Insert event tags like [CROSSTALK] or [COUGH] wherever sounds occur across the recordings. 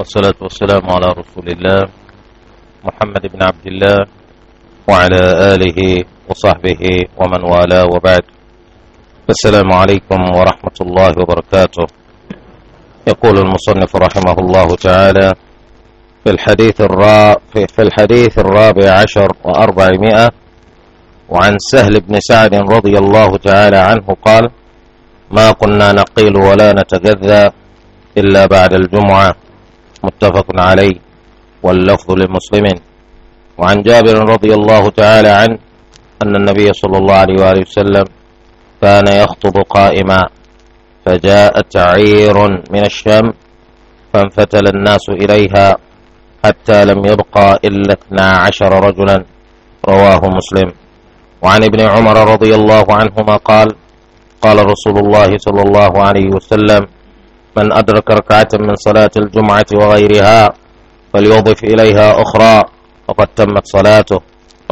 والصلاة والسلام على رسول الله محمد بن عبد الله وعلى آله وصحبه ومن والاه وبعد السلام عليكم ورحمة الله وبركاته يقول المصنف رحمه الله تعالى في الحديث الرا في الحديث الرابع عشر وأربعمائة وعن سهل بن سعد رضي الله تعالى عنه قال ما كنا نقيل ولا نتجذى إلا بعد الجمعة متفق عليه واللفظ لمسلم وعن جابر رضي الله تعالى عنه أن النبي صلى الله عليه وآله وسلم كان يخطب قائما فجاءت عير من الشام فانفتل الناس إليها حتى لم يبقى إلا اثنا عشر رجلا رواه مسلم وعن ابن عمر رضي الله عنهما قال قال رسول الله صلى الله عليه وسلم من أدرك ركعة من صلاة الجمعة وغيرها فليضف إليها أخرى وقد تمت صلاته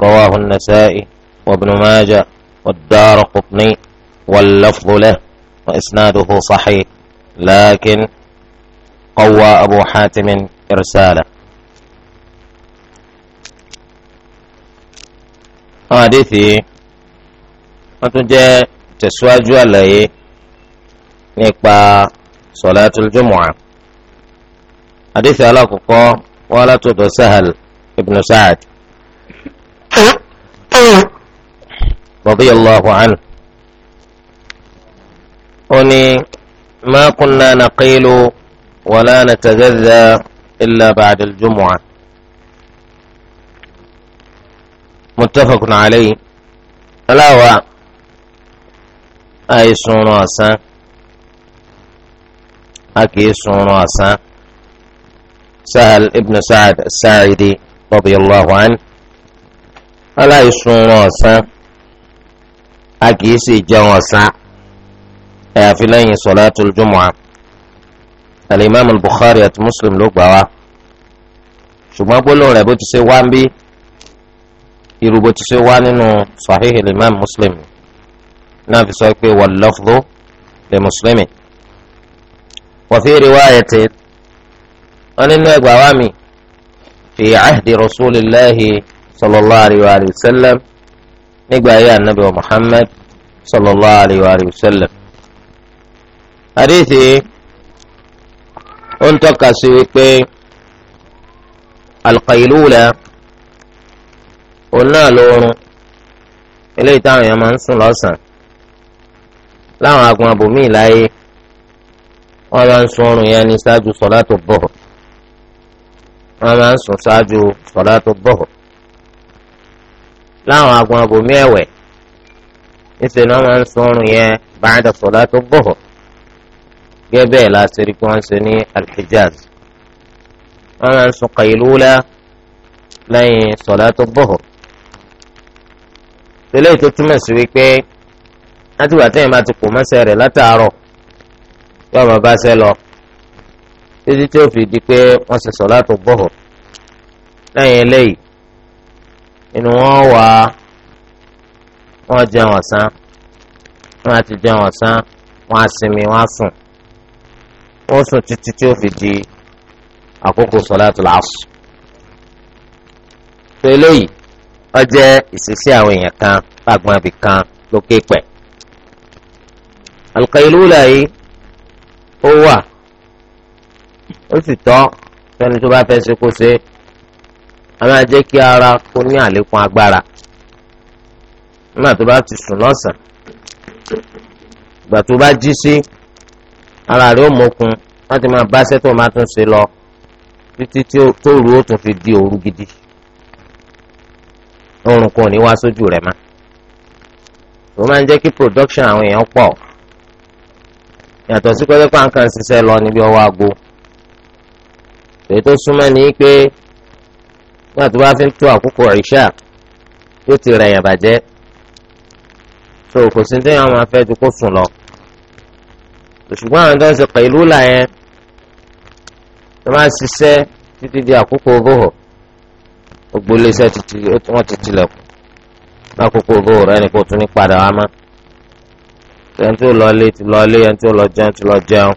رواه النسائي وابن ماجه والدار قطني واللفظ له وإسناده صحيح لكن قوى أبو حاتم إرساله آه، حديثي wọ́n tún jẹ́ tẹ̀síwájú صلاة الجمعة حديث alákọ̀ọ́kọ́ wá látọ̀dọ̀ Sahal ابن سعد رضي الله عنه اني ما كنا نقيل ولا نتغذى إلا بعد الجمعة متفق عليه ألا و أي سنة a kìí sunrun ọ̀sán sahal ibn sa'ad sa'idi radiyallahu anhu aláì sunrun ọ̀sán a kìí sì jẹun ọ̀sán àyàfi lẹ́yìn sọ̀látul jumu'ah alimami bukhari àti muslim ló gbà wá ṣùgbọ́n gbólóhùn rẹ̀ bó ti ṣe wá ń bí irú bó ti ṣe wá nínú sahih alimami muslim náà fi sọ pé wal lafdhu muslimi. وفي رواية أن النبي أقوامي في عهد رسول الله صلى الله عليه وآله وسلم نقبع النبي محمد صلى الله عليه وآله وسلم حديثي أنت كسيك القيلولة قلنا لون إليه تعالى يا منصور لا láwọn agbọn abòmíì wọ́n máa ń sun oorun yẹn ní ṣáájú sọ̀látò bọ̀họ̀ wọ́n máa ń sùn ṣáájú sọ̀látò bọ̀họ̀ láwọn agbọn abòmí ẹ̀wẹ̀ níṣẹ́ ni wọ́n máa ń sun oorun yẹn báyìí sọ̀látò bọ̀họ̀ gẹ́gẹ́ la ṣe rí pé wọ́n ń ṣe ní alhijaz wọ́n máa ń sun qaylula lẹ́yìn sọ̀látò bọ̀họ̀ tẹ́lẹ̀ tó túmọ̀ sí wípé látìgbà tẹ́yìn bá ti kò mọ́sẹ̀ rẹ̀ látàárọ̀ yóò máa bá sẹ́ lọ títí tí ó fi di pé wọ́n ṣe sọ̀láàtù bọ́ọ̀ lẹ́yìn eléyìí inú wọn wà wọ́n jẹun ọ̀sán wọ́n á ti jẹun ọ̀sán wọ́n á sinmi wọ́n á sùn wọ́n sùn títí tí ó di àkókò sọ̀láàtù làásù tó eléyìí ó jẹ́ ìṣesí àwọn èèyàn kan lágbọn abì kan lókè pẹ̀. alqailula yìí ó wà ó sì tọ́ fẹ́ni tó bá fẹ́ ṣe kó ṣe a máa jẹ́ kí ara kó ní àlékún agbára nígbà tó bá ti sùn lọ́sàn-án ìgbà tó bá jí sí ara rẹ̀ ó mokun láti máa bá sẹ́tọ̀ máa tún ṣe lọ títí tó rú ó tún fi di òru gidi oorun kò ní wá sójú rẹ̀ mọ́ ó máa ń jẹ́ kí production àwọn èèyàn pọ̀ yàtọ̀ sí kọ́jọ́ pàǹkà ń ṣiṣẹ́ lọ níbi ọwọ́ aago èyí tó súnmọ́ ni pé nígbà tó bá fi ń tó àkókò ìṣá yóò ti rẹ̀ yàn bàjẹ́ tó kò sí ní àwọn afẹ́ ju kó sùn lọ ṣùgbọ́n àwọn tó ń ṣe pẹ̀lú là yẹn tó máa ṣiṣẹ́ títí di àkókò bóhò gbogbo iléeṣẹ́ wọ́n ti tilẹ̀kùn lákòókò bóhò rẹ́ni kò tún ní padà wá mọ́ ẹni tó lọ lé ti lọ lé ẹni tó lọ jẹun ti lọ jẹun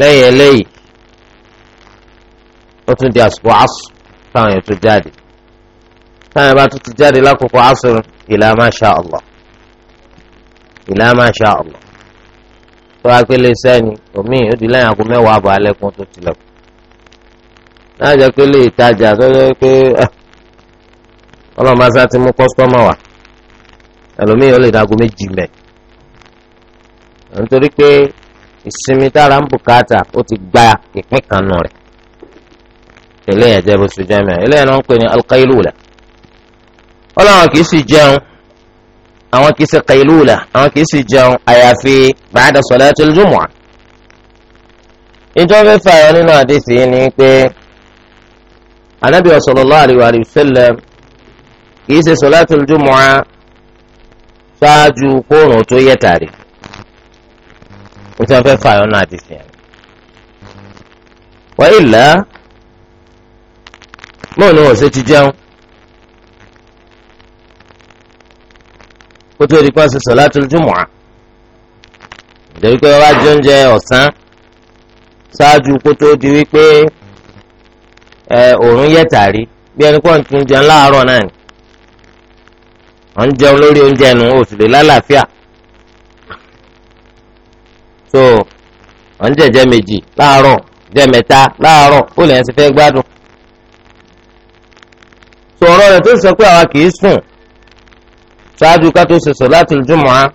lẹ́yìn eléyìí ó tún di àsìkò asù táwọn èèyàn tó jáde táwọn èèyàn bá tún ti jáde lákòókò asù ìlà masha allah ìlà masha allah tó wá pélé sẹ́ni omi ó di lẹ́yìn aago mẹ́wàá àbọ̀ alẹ́ kún tó tilẹ̀kùn náà jẹ́ pé lè tó jẹ́ pé eh, ọlọ́mọ asá ti mú kọ́sítọ́mà wá ẹlòmíì ó lè dago méjì mẹ́ẹ̀ nítorí pé ìsinmi tára ń bùkátà ó ti gba ìpín kan nù rẹ̀ eléyà jẹ́ bó ṣe jẹ́ mẹ́rin eléyà náà ń pè ní alqailula ọlọ́run kì í sì jẹun àwọn kì í sì qailula àwọn kì í sì jẹun àyàfi ba'da salatul jumu'ah ìjọba fẹ́ fààyàn nínú àdìsí ni pé anabi sallallahu alaihi wa sallam kì í ṣe salatul ṣáájú kóòrùn tó yẹ tàrí o ti wọn fẹ́ fà yọ náà àti sìn yẹn. wọ́n ìlà mọ́ ni wọ́n ṣe ti jẹun kó tó di pa ṣe salatul jumu'a ìdẹ́wí pé wọ́n jẹ oúnjẹ ọ̀sán ṣáájú kó tó di wípé òórùn yẹ tàrí bí ẹni pọ́n tún jẹun láàárọ̀ náà ni wọ́n ń jẹun lórí oúnjẹ nù ó lálàáfíà. so wọn jẹjẹ méjì jẹ mẹta láàárọ̀ ó lẹ́yìn sí fẹ́ gbádùn so ọ̀rọ̀ rẹ̀ tó sọ pé àwa kì í sùn ṣáájú ká tó ṣe sọ̀látul jumu'ah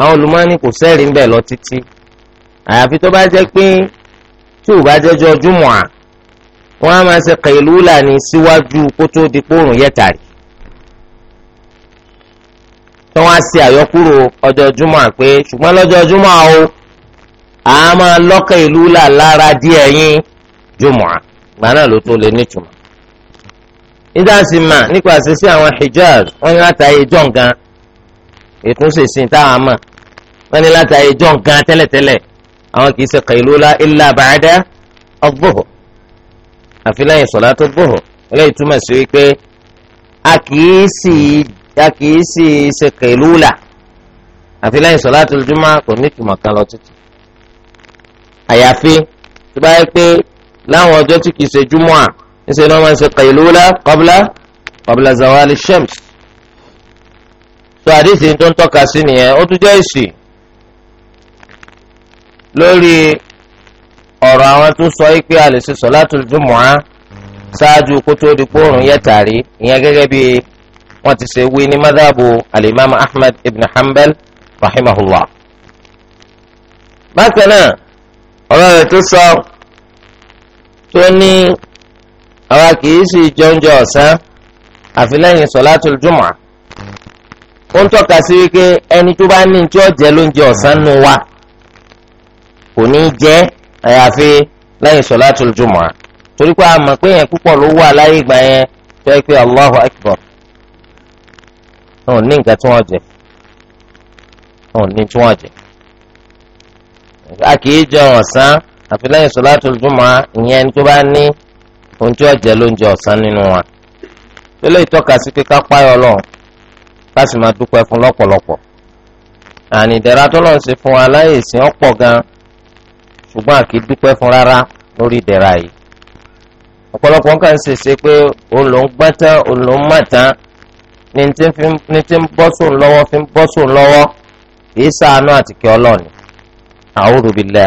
àwọn olùmọ́ni kò sẹ́rìí lọ títí àyàfi tó bá jẹ́ pé tí ò bá jẹ́jọ́ jumu'ah wọ́n á máa ṣe kàìlúlà ní síwájú kó tó di pòrùn yẹ̀tàrí tí wọ́n á ṣe àyọkúrò ọjọ́ pé ṣùgbọ́n lọ́jọ́ o. a máa lọ́kàn ìlú là lára díẹ̀ yín jùmọ̀à gbà náà ló tó lè nítumọ̀. nígbà sì mà nípa àṣìṣe àwọn hijab wọ́n ní látàyè jọ̀ǹgan ìtúnṣinṣin táwọn mọ̀ wọ́n ní látàyè jọ̀ǹgan tẹ́lẹ̀tẹ́lẹ̀ àwọn kì í ṣe qailula illa ba'da ad-dhuhr àfi lẹ́yìn salatu dhuhr eléyìí túmọ̀ sí wípé a kì í sì a kì í sì ṣe qailula àfi lẹ́yìn salatul jumu'ah kò ní ìtumọ̀ kan lọ àyàfi tó bá yẹ pé láwọn ọjọ́ tí kìí ṣe júmọ́ à ńṣe ni wọ́n máa ń ṣe qailula qabla qabla zawali shams tó àdìsí tó ń tọ́ka sí nìyẹn ó tún jẹ́ èsì lórí ọ̀rọ̀ àwọn tó sọ yìí pé a lè ṣe solatul jumu'a ṣáájú kó tó di kóòrùn yẹ tàrí ìyẹn gẹ́gẹ́ bí wọ́n ti ṣe wí ní madhabu alimami ahmed ibn hanbal rahimahullah. bákan náà ọ̀rọ̀ rẹ̀ tó sọ tó ní àwa kìí sì jọ́njọ́ ọ̀sán àfi lẹ́yìn sọ̀látùl jùmọ̀ ó ń tọ́ka sí ẹni tó bá ní tí ó jẹ ọ̀sán nù wá kò ní jẹ́ àyàfi lẹ́yìn sọ̀látùl torí pé a mọ̀ pé yẹn púpọ̀ ló Allahu Akbar ní nǹkan tí wọ́n jẹ a kì í jẹ ọ̀sán àfi lẹ́yìn sọláàtù jùmọ̀ ìyẹn ẹni tó bá ní ohun tí ọ̀jẹ̀ ló ń jẹ ọ̀sán nínú wa. tẹ́lẹ̀ ìtọ́ka sí kíká páyọ̀ lọ ká sì máa dúpẹ́ fún lọ́pọ̀lọpọ̀. àní ìdẹ̀ra tó lọ́n ṣe fún wa láyè sí ọ̀pọ̀ gan ṣùgbọ́n a kì í dúpẹ́ fún rárá lórí ìdẹ̀ra yìí. ọ̀pọ̀lọpọ̀ ń ṣèṣe pé òun ló ń gbọ́n tán òun mọ̀ tán ní ti ń bọ́ sóun lọ́wọ́ fi ń bọ́ sóun lọ́wọ́ kì í ṣàánú àtìkẹ́ ọlọ́ọ̀ni a'udhu billah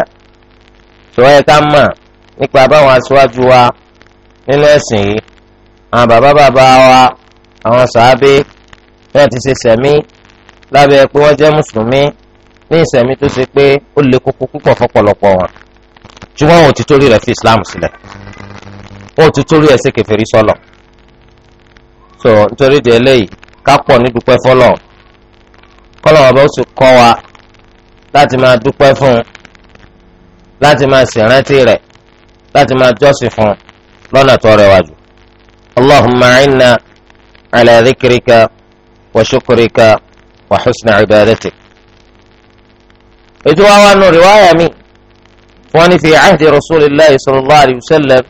sọ̀rọ̀ yẹ ká mọ̀ nípa báwọn aṣáájú wa nínú ẹ̀sìn yìí àwọn bàbá bàbá wa àwọn sàábé náà ti ṣe sẹ̀mí lábẹ́ pé wọ́n jẹ́ mùsùlùmí ní ìsẹ̀mí tó ṣe pé ó le koko púpọ̀ fọ́pọ̀lọpọ̀ wọn ṣùgbọ́n wọn ò ti torí rẹ̀ fi Islam sílẹ̀ wọn ò ti torí ẹ̀ ṣe kèfèrí sọ̀lọ̀ so nítorí di eléyìí ká pọ̀ ní dúpẹ́ fọlọ́ kọ́lọ́wọ́ bá ó sì kọ́ wa láti máa dúpẹ́ fún un láti máa ṣèrántí rẹ̀ láti máa jọ́sìn fún un lọ́nà tó rẹwà jù. اللهم عنا على ذكرك وشكرك وحسن عبادتك إجوا أن رواية من وأن في عهد رسول الله صلى الله عليه وسلم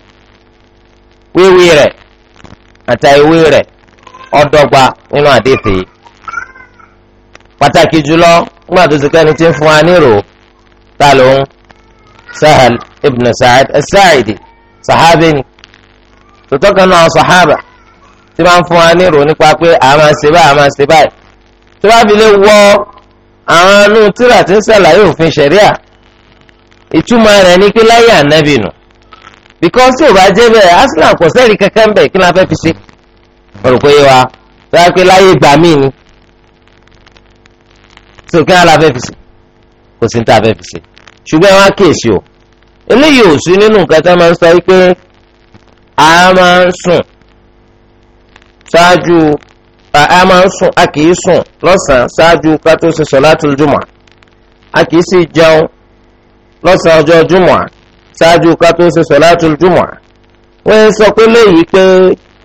ويويرة أتايويرة أدوبا إنو حديثي pàtàkì jùlọ nígbà tó ti kẹ́ni tí ń fún wa nírò ta ló ń sahal ibn sa'id as-sa'idi sahabi ni tòótọ́ kan náà sahaba tí máa ń fún wa nírò nípa pé a máa ṣe báyìí a máa ṣe báyìí tó bá fi lè wọ àwọn inú tíra tí ń ṣàlàyé òfin ṣẹ̀ríà ìtumọ̀ rẹ̀ ní pé láyé ànábì nù bíkọ́ sí ò bá jẹ́ bẹ́ẹ̀ aslam kò sẹ́ẹ̀rí kankan bẹ́ẹ̀ kí ni a fẹ́ fi ṣe. olùkóyè wa tó bá pé láyé gbà mí ni so kí wọn la fẹ́ fi ṣe kò sí ní tá a fẹ́ fi ṣe ṣùgbọ́n wọn á kíyèsí o eléyìí ò sí nínú nǹkan tá a máa ń sọ wípé a máa ń sùn ṣáájú a máa ń sùn a kì í sùn lọ́sàn-án ṣáájú ká tó ṣe sọ̀látul jumu'a a kì í sì jẹun lọ́sàn-án ọjọ́ jumu'a ṣáájú ká tó ṣe sọ̀látul jumu'a wọ́n sọ pé léyìí pé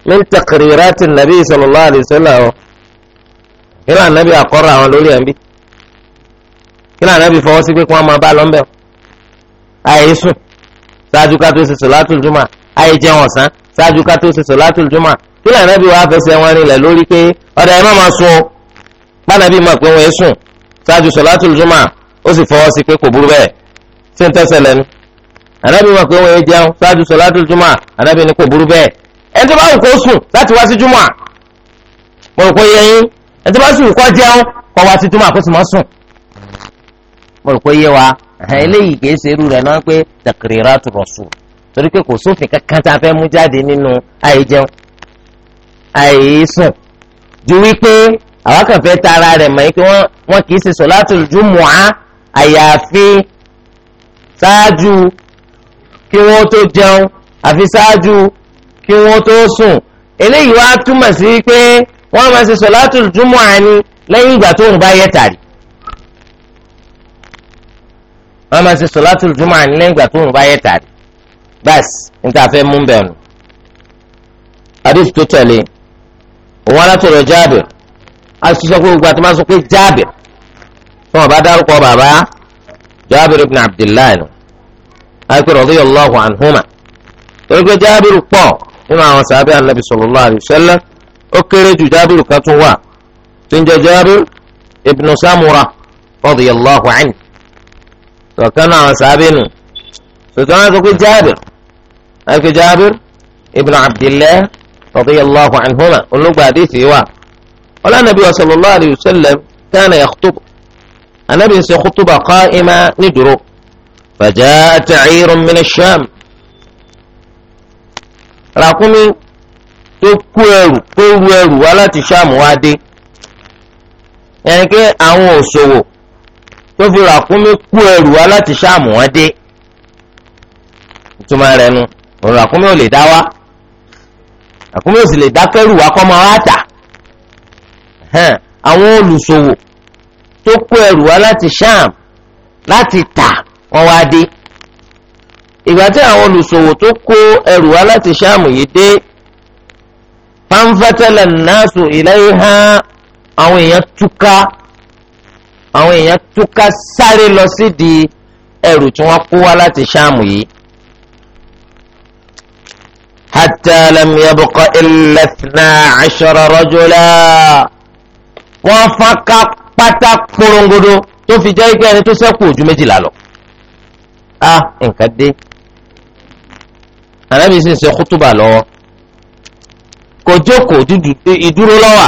min taqrirati nàbí sallallahu alaihi wasallam ìlànà bí àkọ́rọ̀ àwọn lórí ẹ̀ ń bí kí lànà bí fọwọ́ sí pé kí wọ́n máa bá lọ ńbẹ̀ àyè sùn ṣáájú ká tó ṣe sọ̀látùl jùmọ̀ àyè jẹun ọ̀sán ṣáájú ká tó ṣe sọ̀látùl jùmọ̀ kí lànà bí wàá fẹsẹ̀ wọn rinlẹ̀ lórí pé ọ̀dà ẹ̀ má máa sùn o bánà bí mọ̀ pé wọ́n sùn ṣáájú sọ̀látùl jùmọ̀ ó sì fọwọ́ sí pé kò burú bẹ́ẹ̀ ṣé ń tẹ́sẹ̀ lẹ́nu ànábì mọ̀ pé wọ́n jẹun ṣáájú sọ̀látùl jùmọ̀ jùmọ̀ mo mo rò pé yé wa eléyìí kìí ṣe irú rẹ̀ náà pé takriraatu rasul torí pé kò sófin kankan tá a fẹ́ mú jáde nínú àìjẹun àìsùn ju wípé àwọn kan fẹ́ tara rẹ̀ mọ̀ pé wọ́n kìí ṣe solatul jumu'a àyàfi ṣáájú kí wọ́n tó jẹun àfi ṣáájú kí wọ́n tó sùn eléyìí wá túmọ̀ sí pé wọ́n máa ṣe solatul jumu'a ni lẹ́yìn ìgbà tó ń bá yẹ tàrí wọn máa ṣe sọlátù jùmọ̀ àní lẹ́yìn ìgbà tó ń bá yẹ tàdí bẹ́ẹ̀s níta fẹ́ mú bẹ́ẹ̀ nù. adif tó tẹ̀lé òun alátọ̀rọ̀ Jábìr a ti sọ pé gbogbo àti máa sọ pé Jábìr tí wọn bá dárúkọ bàbá Jábìr ibn Abdullahi nù àìpẹ́ radiyallahu anhuma torí pé Jábìr pọ̀ nínú àwọn sàbẹ́ anabi sallallahu alayhi wa kọ̀ọ̀kan náà àwọn sábẹ́nu tòtò wọn sọ pé Jabir wọn pe Jabir ibn Abdillah radiyallahu anhuma olóògbé àdìsí wa ọlọ́nàbí sallallahu alayhi wa sallam kana yakhtubu anabi ń ṣe khutuba qa'ima ní dúró fajaa ta'irun min ash-Sham ràkúnmí tó kú ẹrù tó ru ẹrù wá láti Ṣáàmù wá dé yẹn ké àwọn òṣòwò tó fi ràkúnmí kú ẹrù wá láti ṣáàmù wọn dé ìtumọ̀ rẹ̀ nu òun ràkúnmí ò lè dá wá ràkúnmí ò sì lè dá kẹrù wá kọ́ máa wá tà àwọn olùṣòwò tó kó ẹrù wá láti ṣáàm láti tà wọ́n wá dé ìgbà tí àwọn olùṣòwò tó kó ẹrù wá láti ṣáàm yìí dé pàǹfẹ́tẹ̀lẹ̀ náà sùn ìlẹ́yìn hàn àwọn èèyàn túká àwọn èèyàn túká sáré lọ sídìí ẹrù tí wọ́n kó wá láti ṣáàmù yìí. hatta lam yabqa illa ithna ashara rajula wọ́n fọ́nká pátá korongodo tó fi jẹ́ ike ẹni tó ṣẹ́kù ojú méjìlá lọ. a nǹkan dé ànábì sì ń ṣe kútùbà lọ́wọ́ kò jókòó ìdúró lọ́wọ́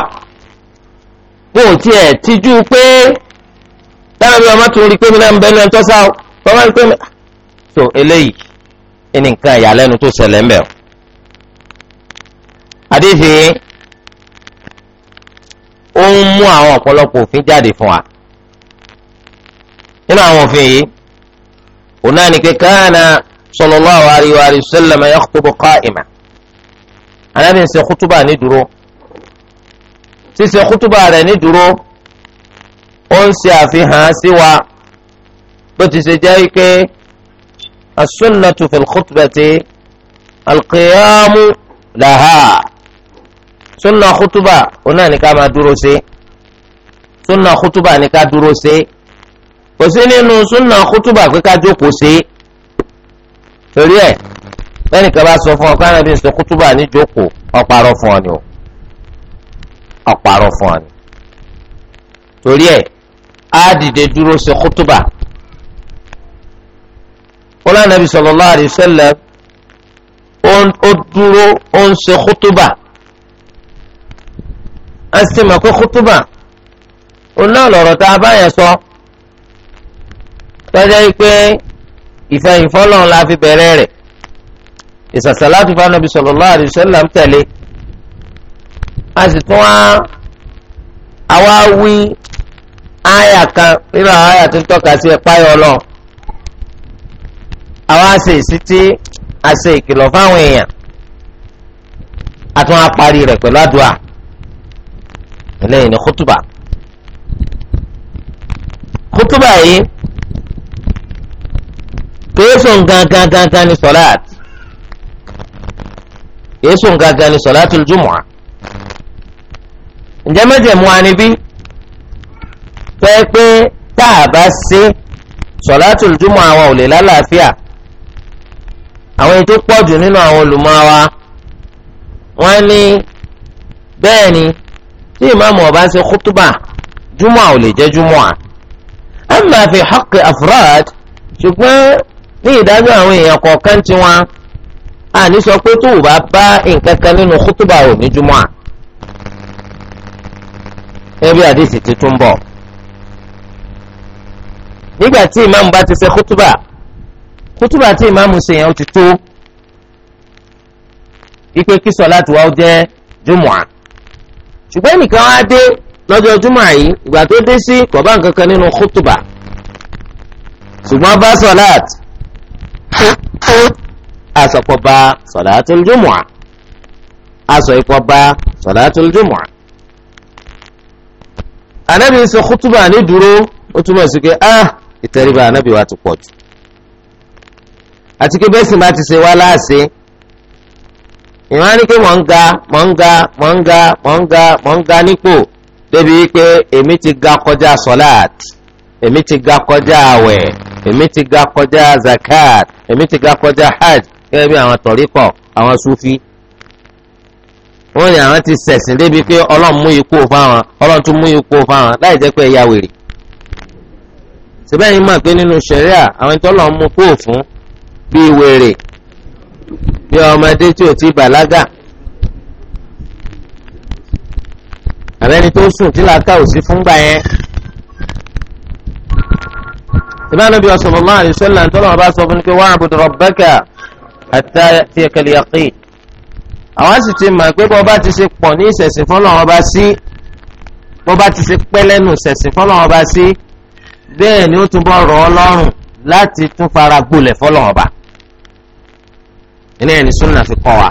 kò tiẹ̀ tijú pé táwọn ẹbí ọmọ tún rí pé mi náà ń bẹ ní ẹni tó sá o bàbá rí pé mi. tó eléyìí ẹni nǹkan ìyàlẹ́nu tó ṣẹlẹ̀ ń bẹ̀ o. àdéhìí ó ń mú àwọn ọ̀pọ̀lọpọ̀ òfin jáde fún wa. nínú àwọn òfin yìí òun náà ni pé káàna sallallahu alaihi wa sallam yakhtubu qa'ima. anábìyẹn ṣe kútúbà ní dúró ṣíṣe kútúbà rẹ̀ ní dúró ó ń ṣe àfihàn sí wa bó ti ṣe jẹ́ pé as-sunnatu fil khutbati al-qiyamu laha sunna khutuba òun náà ní ká máa dúró ṣe sunna khutuba ní ká dúró ṣe kò sí nínú sunna khutuba pé ká jókòó ṣe torí ẹ̀ lẹ́nu kan bá sọ fún ọ káwọn ẹbí ń sọ khutuba ní jókòó ọ̀parọ̀ fún ọ ni o ọ̀parọ̀ fún ọ ni torí ẹ̀ á dìde dúró ṣe kútúbà wọn ànábì sallallahu alaihi wasallam ó dúró ó ń ṣe kútúbà a sì mọ̀ pé kútúbà òun náà lọ̀rọ̀ tá a bá yẹn sọ tọ́jà yìí pé ìfẹ̀yìn fọ́lọ́run la fi bẹ̀rẹ̀ rẹ̀ ìsàsàlátù fanabi sallallahu alaihi wasallam tẹ̀lé a sì tún wá wí Aya kan nínú àwọn àyà tó ń tọ́ka sí ẹ̀ páyọ̀ ọlọ́run àwa ṣe èsì tí a ṣe ìkìlọ̀ fáwọn èèyàn a tún á parí rẹ̀ pẹ̀lú àdúrà eléyìí ni kútùbà kútùbà yìí kéésù nǹkan kan kan ní sọláàt kéésù nǹkan kan ní sọláàt lójúmọ́ ǹjẹ́ mẹ́jẹ̀ mú wa níbí tó yẹ pé tá a bá ṣe sọ̀látù júmọ̀ àwọn ò lè lálàáfíà àwọn ètò pọ̀jù nínú àwọn olùmọ̀ wa wọ́n ní bẹ́ẹ̀ ni tí ìmáàmù ọba ṣe kútúbà júmọ̀ ò lè jẹ́ júmọ̀ à amma fi haqqi afrad ṣùgbọ́n ní ìdájọ́ àwọn èèyàn kọ̀ọ̀kan tiwọn àní sọ pé tó bá bá nǹkan kan nínú kútúbà ò ní júmọ̀ à ẹbí àdìsí ti tún bọ̀ nígbà tí ìmáàmù bá ti ṣe kútúbà kútúbà tí ìmáàmù ṣe yẹn ó ti tó ipe kí sọláàtì wa ó jẹ́ jùmùà ṣùgbọ́n nìkan wá dé lọ́jọ́ jùmùà yìí ìgbà tó dé sí kò bá nǹkan kan nínú kútúbà ṣùgbọ́n bá sọláàtì àsọpọ̀ bá sọláàtì jùmùà àsọ ikọ̀ bá sọláàtì jùmùà. ànábì sọ kútúbà ní dúró ó túmọ̀ sí pé ah ìtẹríba ànábì wa ti pọ̀ jù àti kébé sì máa ti ṣe wá láàṣẹ ìwọ́n á ní pé mò ń ga mò ń ga mò ń ga mò ń ga mò ń ga nípò débi wípé èmi ti ga kọjá sọláàt èmi ti ga kọjá àwẹ̀ èmi ti ga kọjá zakat èmi ti ga kọjá hajj gẹ́gẹ́ bí àwọn tọ̀ríkọ̀ àwọn sufi wọ́n ní àwọn ti ṣẹ̀sìn débi pé ọlọ́run mú ikú fáwọn ọlọ́run tún mú ikú fáwọn láì jẹ́ pé ẹ̀yà wèrè sẹ́bẹ̀yìn mọ̀ pé nínú sẹ̀ríà àwọn ìtọ́lọ̀ ń mú kó fún bíi wèrè bíi ọmọdé tí ò ti bàlágà àbẹ́ni tó sùn tí làákà ò sí fúngbà yẹn. ìbánu bí ọ̀sán bọ̀mọ́ àdìsọ́lá ń tọ́lọ̀ bá sọ fún kí wọ́n àbùdó rọ̀bẹ́kà àti àti ẹ̀kẹ́lẹ́ yàtì. àwọn sì ti mọ̀ pé bọ́ bá ti ṣe pọ̀ ní ìṣẹ̀sìn fọ́lọ́ wọn sí bọ́ bá ti ṣe pẹ́ lẹ́nu ìṣẹ̀sìn fọ́lọ́ wọn bá sí bẹ́ẹ̀ ni ó túnbọ̀ rọ̀ ọ́ lọ́rùn láti tún fara gbolẹ̀ fọlọ́n ọba ilé ẹni súnà fi kọ́ wa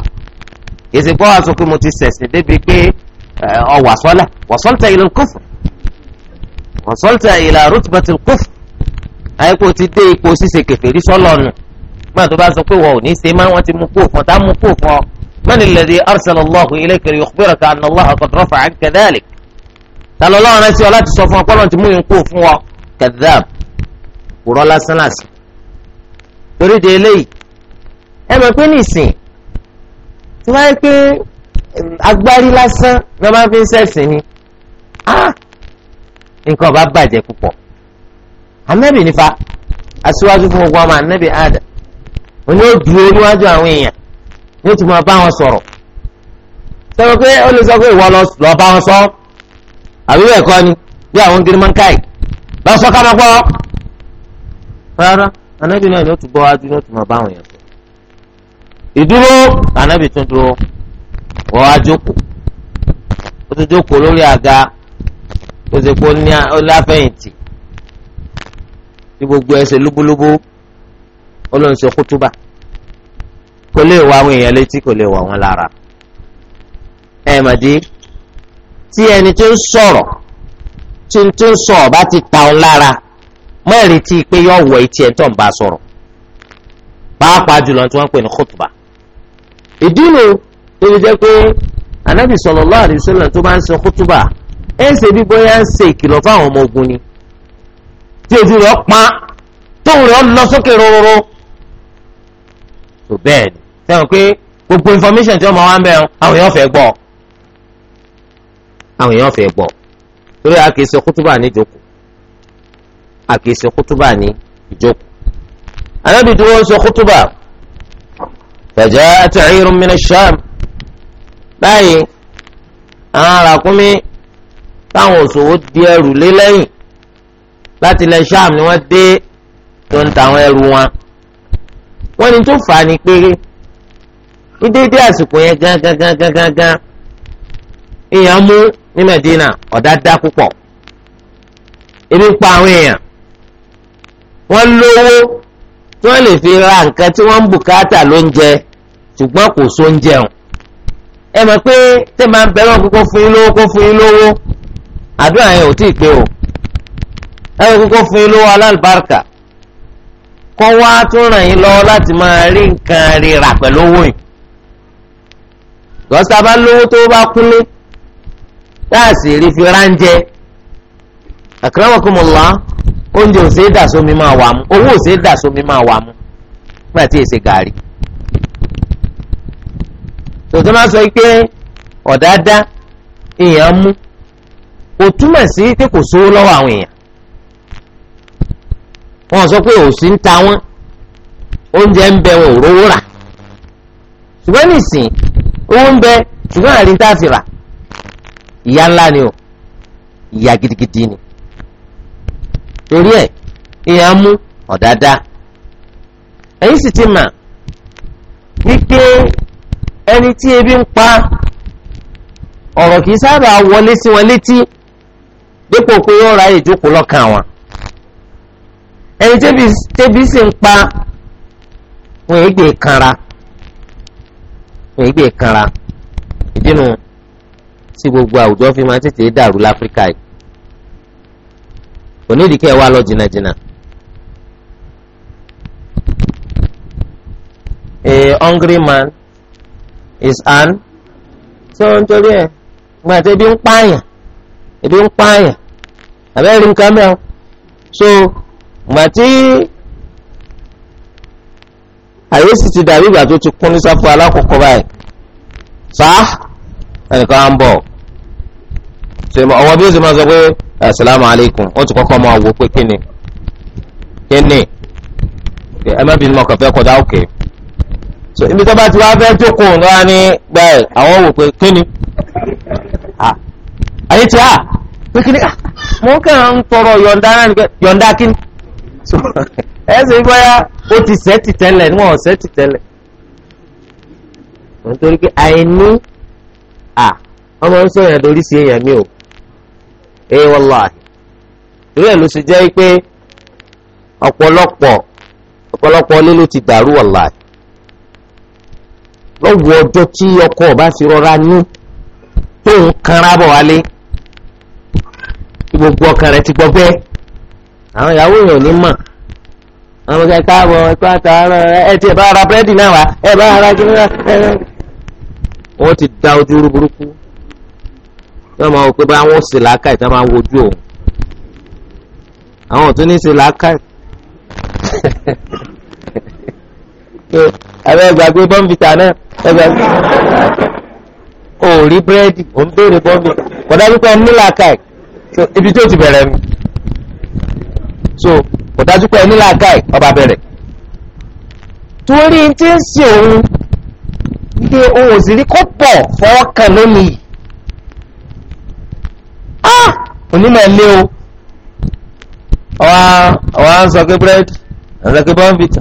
èsì kọ́ wa sọ pé mo ti sẹ̀sìn débi pé ọ wàsọ́lẹ̀ wàsọ́lẹ̀ ilẹ̀ kófù wàsọ́lẹ̀ ilẹ̀ rútùbẹ̀tì kófù àyẹ̀kọ́ ti dé ipò ṣíṣe kẹfẹ́rí sọ́lọ́ọ̀nù gbọ́dọ̀ tó bá sọ pé wọ́n ò ní ṣe máa wọ́n ti mú kó fún ọ tá mú kó fún ọ mẹ́ni lẹ́dí arsalallahu ilayka yukhbiraka anna Allah qad rafa'a anka dhalik tàlọ́lọ́run rẹ sí ọ láti sọ fún ọ pọ́lọ́n ti mú yín kó fún ọ Kadab! kúrọ́ lásán lásán torí de eléyìí ẹ mọ̀ pé nìsín tí wọ́n pé agbárí lásán fi ń ni nǹkan ọba bàjẹ́ púpọ̀ aṣíwájú fún gbogbo ọmọ òní ó dúró níwájú àwọn èèyàn ní máa bá wọn sọ̀rọ̀ sọ pé ó lè sọ pé ìwọ lọ bá wọn sọ àbí bẹ́ẹ̀ kọ́ lọ́sọ̀ ká máa gbọ́. rárá anábì náà ni ó ti gbọ́ wájú ní ó ti máa bá àwọn èèyàn sọ. ìdúró anábì tún dúró wọ́n á jókòó ó tún jókòó lórí àga ó ṣe pé ó láfẹ̀yìntì ní gbogbo ẹsẹ̀ lúbúlúbú olóhùn ṣe kútúbà kò lè wá àwọn èèyàn létí kò lè wá wọn lára. ẹ̀ tí ẹni tó ń sọ̀rọ̀ tí n tó ń sọ ọba ti ta ọ lára mọ́ ìrètí pé yọ wọ etí ẹ̀ tó ń bá sọ̀rọ̀ pàápàá jùlọ tí wọ́n ń pè ní khutba ìdí nu tó fi jẹ́ pé anabi sallallahu alaihi wasallam tó bá ń sọ khutba ẹ̀ ń ṣe bí bóyá ń ṣe ìkìlọ̀ fáwọn ọmọ ogun ni tí ojú rẹ̀ pọ́n tóun rẹ̀ lọ sókè rororo tó bẹ́ẹ̀ ni sẹ́wọ̀n pé gbogbo information tí wọ́n máa wá ń bẹ̀rù àwọn èèyàn fẹ́ gbọ́ àwọn èèyàn fẹ́ gbọ́ torí a kìí ṣe kútúbà ní ìjókòó a kìí ṣe kútúbà ní ìjókòó. anábì tí wọ́n ń ṣe kútúbà faja'at 'irun min ash-Sham báyìí àwọn arákùnmí táwọn òṣòwò di ẹrù lé lẹ́yìn láti ilẹ̀ Sham ni wọ́n dé tó ń tàwọn ẹrù wọn. wọ́n ní tó fà á ní pé ní déédéé àsìkò yẹn gángan gángan gángan èèyàn mú ní Medina ọ̀dá dá púpọ̀ ebi ń pa àwọn èèyàn wọ́n lówó tí wọ́n lè fi ra nǹkan tí wọ́n ń bùkátà lóúnjẹ ṣùgbọ́n kò sóúnjẹun ẹ mọ̀ pé tẹ́ máa ń bẹ̀rẹ̀ wọn kókó fún yín lówó kó fún yín lówó àdúrà yẹn ò tí ì pé o ẹ wọ́n kókó fún yín lówó alálùbáríkà kọ́ wá tún ràn yín lọ́wọ́ láti máa rí nǹkan rírà pẹ̀lú owó yìí lọ́sàbá lówó tó bá kúnlé táàsì rí fi ránjẹ akramakumullah oúnjẹ ò ṣeé dà sómi máa wà mú owó ò ṣeé dà sómi máa wà mú nígbà tí èsè gàrí tòtò máa sọ pé ọ̀dádá èèyàn mú kò túmọ̀ sí pé kò sówó lọ́wọ́ àwọn èèyàn sọ pé ń ta oúnjẹ ìyá ńlá ni o ìyá gidigidi ni torí ẹ ìyá mú ọ̀dáadáa ti mà wípé ẹni tí ebi ń pa ọ̀rọ̀ kìí sábà wọlé sí wọn létí dípò pé yóò ráyè jókòó lọ́kàn wọn ẹni tẹ́bi sì ń pa tí gbogbo àwùjọ fi máa tètè dàrú láfíríkà yìí onídìíkẹ́ wa lọ jìnnàjìnnà. a hungry man is an so nítorí ẹ̀ gba àti ebi ń pààyàn ebi ń pààyàn àbẹ́rẹ́ nǹkan mẹ́wọ́ so gba tí àyè sì ti dàbí ìgbà tó ti kún ní sáfù alákọ̀ọ́kọ́ báyìí sáà ẹnìkan á ń bọ̀. ṣe mọ ọwọ́ bí ó ṣe máa sọ pé asalaamu alaykum ó ti kọ́kọ́ máa wò pé kíni kíni ẹ má bínú ọkàn fẹ́ kọjá òkè so ibi tó bá ti wá fẹ́ jókòó ní wá ní gbẹ́ẹ̀ àwọn wò pé kíni ah, ayé ti hà ah, pé kíni ah, mo kàn ń tọrọ yọ̀ǹda náà ni yọ̀ǹda kíni so [LAUGHS] ẹ ó ti sẹ́ẹ̀tì tẹ́lẹ̀ níwọ̀n sẹ́ẹ̀tì tẹ́lẹ̀ nítorí pé àìní ọmọ ń sọ lórí sí èèyàn mi ee wàllá irú ẹ̀ ló ṣe jẹ́ pé ọ̀pọ̀lọpọ̀ ọ̀pọ̀lọpọ̀ ilé ti dàrú wàllá lọ́wọ́ ọjọ́ tí ọkọ bá fi rọra ní kanra bọ̀ gbogbo ọkàn rẹ̀ ti gbọ́ bẹ́ẹ̀ àwọn ìyàwó yẹn ní mọ̀ àwọn ọmọ kẹta àbọ̀ ẹ̀kọ́ àtàárọ̀ ẹ̀ tí bá ara búrẹ́dì náà wá ẹ̀ bá ara kí wọ́n ti da ojú burúkú yóò máa wò pé bá wọn ṣe làákàyè tá máa wojú òun àwọn òtún ní ṣe làákàyè abẹ́ [LAUGHS] gbàgbé bọ́ǹbìtà náà ẹgbẹ́ ò rí búrẹ́dì ò ń béèrè bọ́ǹbìtà kọ̀dá pípẹ́ ní làákàyè ibi tó ti bẹ̀rẹ̀ mi so kọ̀dá pípẹ́ ní làákàyè ọba bẹ̀rẹ̀ torí tí ń ṣe òun ní òun ò sì rí kó pọ̀ fọwọ́ kan lónìí Ah! onímọ̀ ilé o ọ̀wá ń sọ pé búrẹ́dì ọ̀sọ̀ pé bọ́ǹbìtà